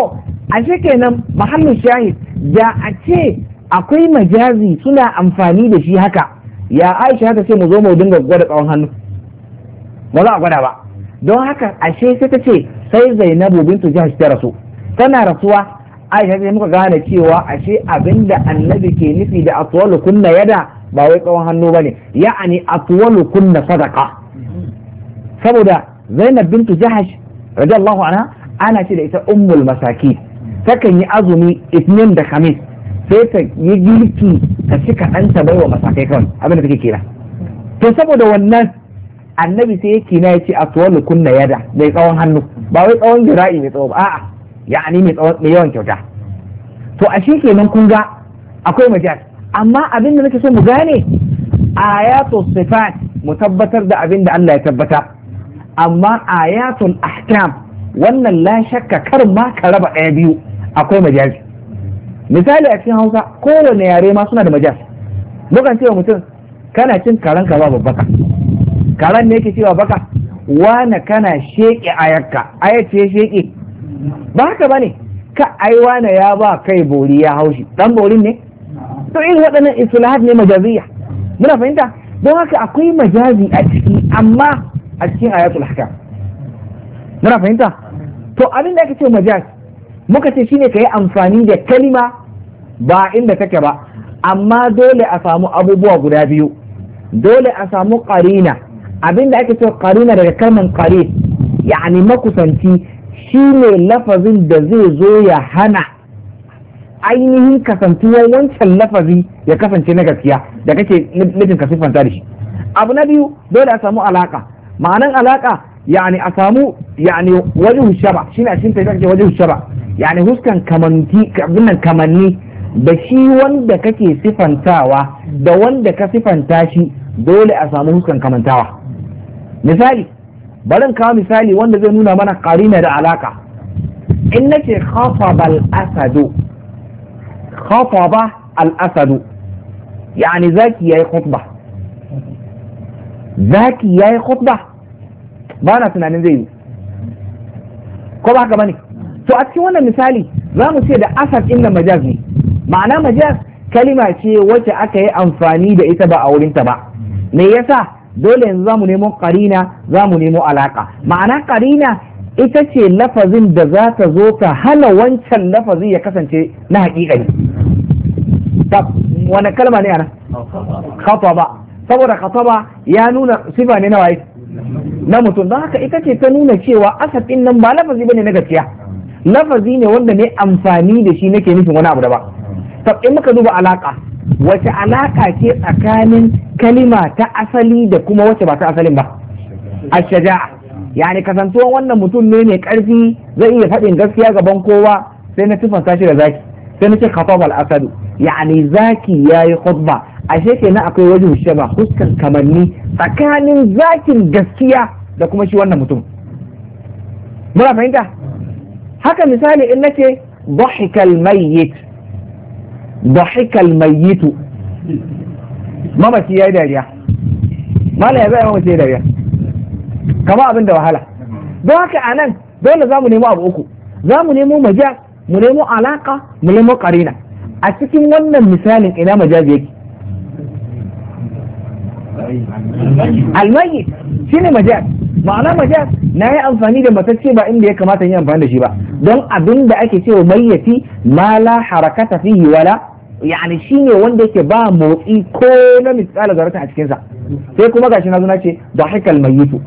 ashe kenan mahallin shahid da a ce akwai majazi suna amfani da shi haka ya aisha haka ce mu zo mu dinga gwada tsawon hannu ba za a gwada ba don haka ashe sai ta ce sai zainabu bintu jahash ta rasu tana rasuwa aisha sai muka gane cewa ashe abinda annabi ke nufi da atwalu kunna yada ba wai tsawon hannu bane ya'ani atwalu kunna sadaqa saboda zainab bintu jahash radiyallahu anha ana ce da ita ummul masaki takan yi azumi itnin da khamis sai ta yi girki ta ci kaɗan ta baiwa masakai kawai abin da take kira to saboda wannan annabi sai yake na yace aswalu kunna yada mai tsawon hannu ba wai tsawon jira'i mai tsawo ba a'a ya'ani mai tsawon mai yawan kyauta to a shi kenan kun ga akwai majal amma abin da nake so mu gane ayatu sifat mu tabbatar da abin da Allah ya tabbata amma ayatul ahkam wannan la shakka kar ma ka raba ɗaya biyu akwai majazi misali a cikin hausa kowane yare ma suna da majaz mukan cewa mutum kana cin karan ka babu baka karan ne yake cewa baka wane kana sheƙe ayakka ayat ce sheƙe ba haka bane ka ai wane ya ba kai bori ya haushi dan borin ne to in waɗannan islahat ne majaziya muna fahimta don haka akwai majazi a ciki amma a cikin ayatul haka muna fahimta to abin da aka ce majaz muka ce shine ka yi amfani da kalima ba inda take ba amma dole a samu abubuwa guda biyu dole a samu karina abin da ake ce karina daga kalman kare yani makusanci shine lafazin da zai zo ya hana ainihin kasantuwar wancan lafazi ya kasance na gaskiya da kake nufin ka siffanta da shi abu na biyu dole a samu alaka ma'anan alaka yani a samu yani wajen shaba shine a cikin tafiya wajen shaba yani huskan kamanti nan kamanni da shi wanda kake sifantawa da wanda ka sifanta shi dole a samu huskan kamantawa misali barin kawo misali wanda zai nuna mana karina da alaka in nace khafaba al-asadu khafaba al-asadu yani zaki yayi khutba zaki yayi khutba ba na tunanin zai yi ko ba haka bane to a cikin wannan misali za mu ce da asar inna majaz ne ma'ana majaz kalima ce wacce aka yi amfani da ita ba a wurinta ba me yasa dole yanzu za mu nemo karina za mu nemo alaka ma'ana karina ita ce lafazin da za ta zo ta hana wancan lafazin ya kasance na haƙiƙa ne wani kalma ne ana ba saboda khataba ya nuna sifa ne na waye na mutum don haka ita ce ta nuna cewa asad nan ba lafazi bane na gaskiya lafazi ne wanda ne amfani da shi nake nufin wani abu da ba in muka duba alaka wace alaka ce tsakanin kalima ta asali da kuma wace ba ta asalin ba ashaja'a yani kasantuwan wannan mutum ne mai karfi zai iya faɗin gaskiya gaban kowa sai na tufan shi da zaki sai na ce khatab al asadu yani zaki yayi khutba ashe kenan akwai wajen shaba huskan kamanni tsakanin zakin gaskiya da kuma shi wannan mutum muna fahimta haka misali in nace dhahikal mayyit dhahikal mayyitu mamaci yayi dariya mala ya zai mamaci yayi dariya kama abin da wahala don haka a nan dole za mu nemo abu uku za mu nemo majaz mu nemo alaka mu nemo karina a cikin wannan misalin ina majaz yake almayyit ne majaz ma'ana majaz na yi amfani da matacce ba inda ya kamata yi amfani da shi ba don abin da ake wa mayyati ma la harakata yi wala yani ne wanda yake ba motsi ko na misali zarata a cikinsa sai kuma gashi na zuna ce dahikal mayyitu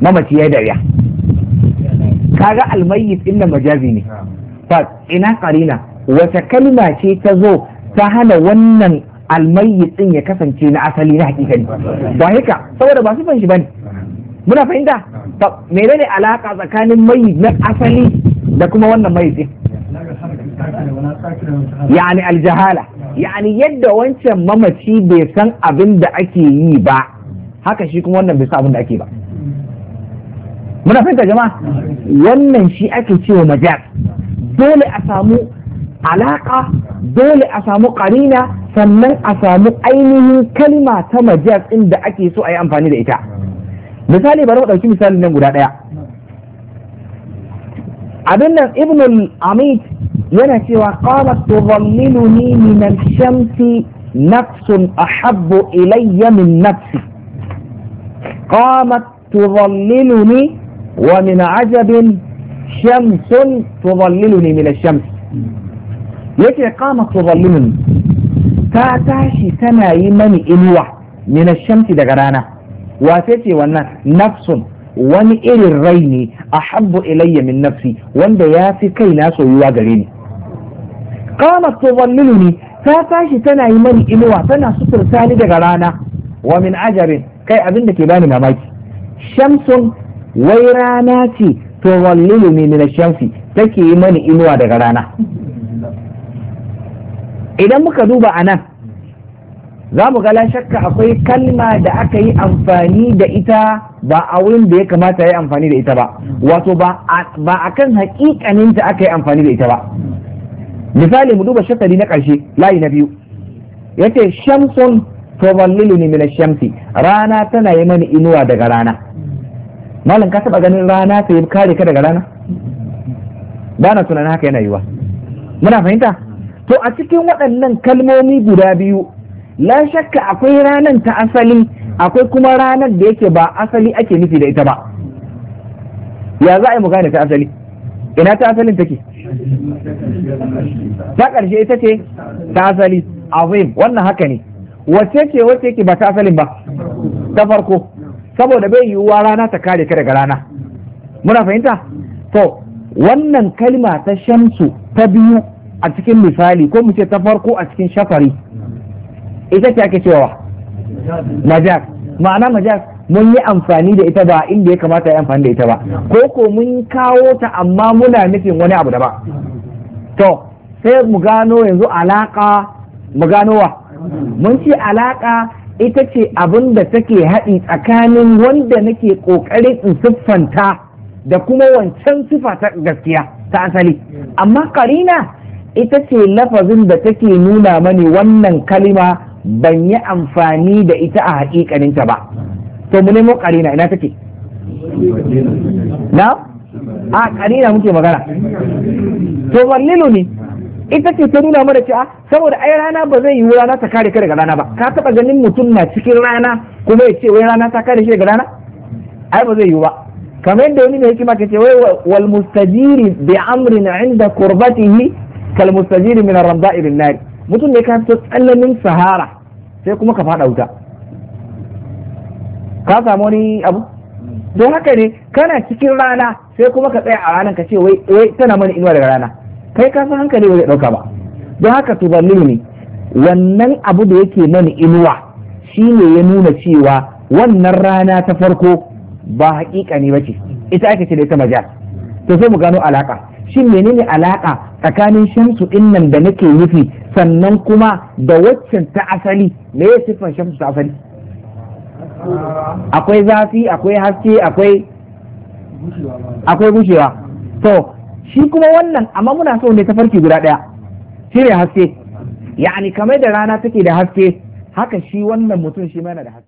mamaci ya dariya kaga almayyit inda majazi ne fa ina karina wata kalma ce ta zo ta hana wannan almayyit din ya kasance na asali na hakikani ba haka saboda ba sifan shi bane muna fahimta menene alaka tsakanin mai na asali da kuma wannan mai din yani aljahala yani yadda wancan mamaci bai san abin da ake yi ba haka shi kuma wannan bai san abin da ake ba muna fahimta jama'a wannan shi ake cewa majaz dole a samu alaka dole a samu karina sannan a samu ainihin kalma ta majaz inda ake so a yi amfani da ita misali bari mu ɗauki misalin nan guda ɗaya abin nan ibn al-amit yana cewa qamat tudhammiluni min al-shamsi nafsun ahabbu ilayya min nafsi qamat tudhammiluni wa min ajabin shamsun tudhammiluni min al-shams yake qamat tudhammiluni ta tashi tana yi mani inuwa min al-shamsi daga rana wace ce wannan nafsun wani irin rai ne a habbu ilayya min nafsi wanda ya fi kaina soyuwa gare ni qamat tuzalliluni ta tashi tana yi mani inuwa tana suturta ni daga rana wa min ajabin kai abin da ke bani mamaki shamsun wai rana ce tuzalliluni na shamsi take yi mani inuwa daga rana idan muka duba anan za mu ga shakka akwai kalma da aka yi amfani da ita ba a wurin da ya kamata ya yi amfani da ita ba wato ba a kan hakikaninta aka yi amfani da ita ba misali mu duba shakari na ƙarshe layi na biyu Ya yace shamsun ne min shamsi rana tana yi mani inuwa daga rana malam ka taba ganin rana ta yi kare ka daga rana ba na tunanin haka yana yiwa muna fahimta to a cikin waɗannan kalmomi guda biyu la shakka akwai ranar ta asali akwai kuma ranar da yake ba asali ake nufi da ita ba ya za a yi mu ta asali ina ta asalin take ta ƙarshe ita ce ta asali azim wannan haka ne wace ce wace yake ba ta asalin ba ta farko saboda bai yiwuwa rana ta kare ka daga rana muna fahimta to wannan kalma ta shamsu ta biyu a cikin misali ko mu ce ta farko a cikin shafari ita ce ake cewa majaz ma'ana majak mun yi amfani da ita ba inda ya kamata ya amfani da ita ba ko ko mun kawo ta amma muna nufin wani abu da ba to sai mu gano yanzu alaka mu gano wa mun ce alaka ita ce abin da take haɗi tsakanin wanda nake ƙoƙarin in siffanta da kuma wancan siffa ta gaskiya ta asali amma karina ita ce lafazin da take nuna mani wannan kalima ban yi amfani da ita a haƙiƙaninta ba to mu nemo ƙarina ina take na a ƙarina muke magana to wallilu ne ita ce ta nuna mana cewa saboda ai rana ba zai yiwu rana ta kare ka daga rana ba ka taɓa ganin mutum na cikin rana kuma ya ce wai rana ta kare shi daga rana ai ba zai yiwu ba kamar yadda wani mai hikima ke ce wai wal mustajiri bi amrin inda qurbatihi kal mustajiri min ar-ramda'i bin nar mutum ne ka fito tsallamin sahara sai kuma ka fada wuta ka samu wani abu don haka ne kana cikin rana sai kuma ka tsaya a ranar ka ce wai tana mana inuwa daga rana kai ka san hankali bai dauka ba don haka ne wannan abu da yake mana inuwa shine ya nuna cewa wannan rana ta farko ba hakika ne ba ce ita ake ce da ita majal to sai mu gano alaka shin menene alaƙa tsakanin shamsu dinnan da nake nufi sannan kuma da waccan ta asali me ya siffar shamsu ta asali akwai zafi akwai haske akwai akwai gushewa to shi kuma wannan amma muna so ne ta farki guda ɗaya, shi ne haske yani kamar da rana take da haske haka shi wannan mutum shi mana da haske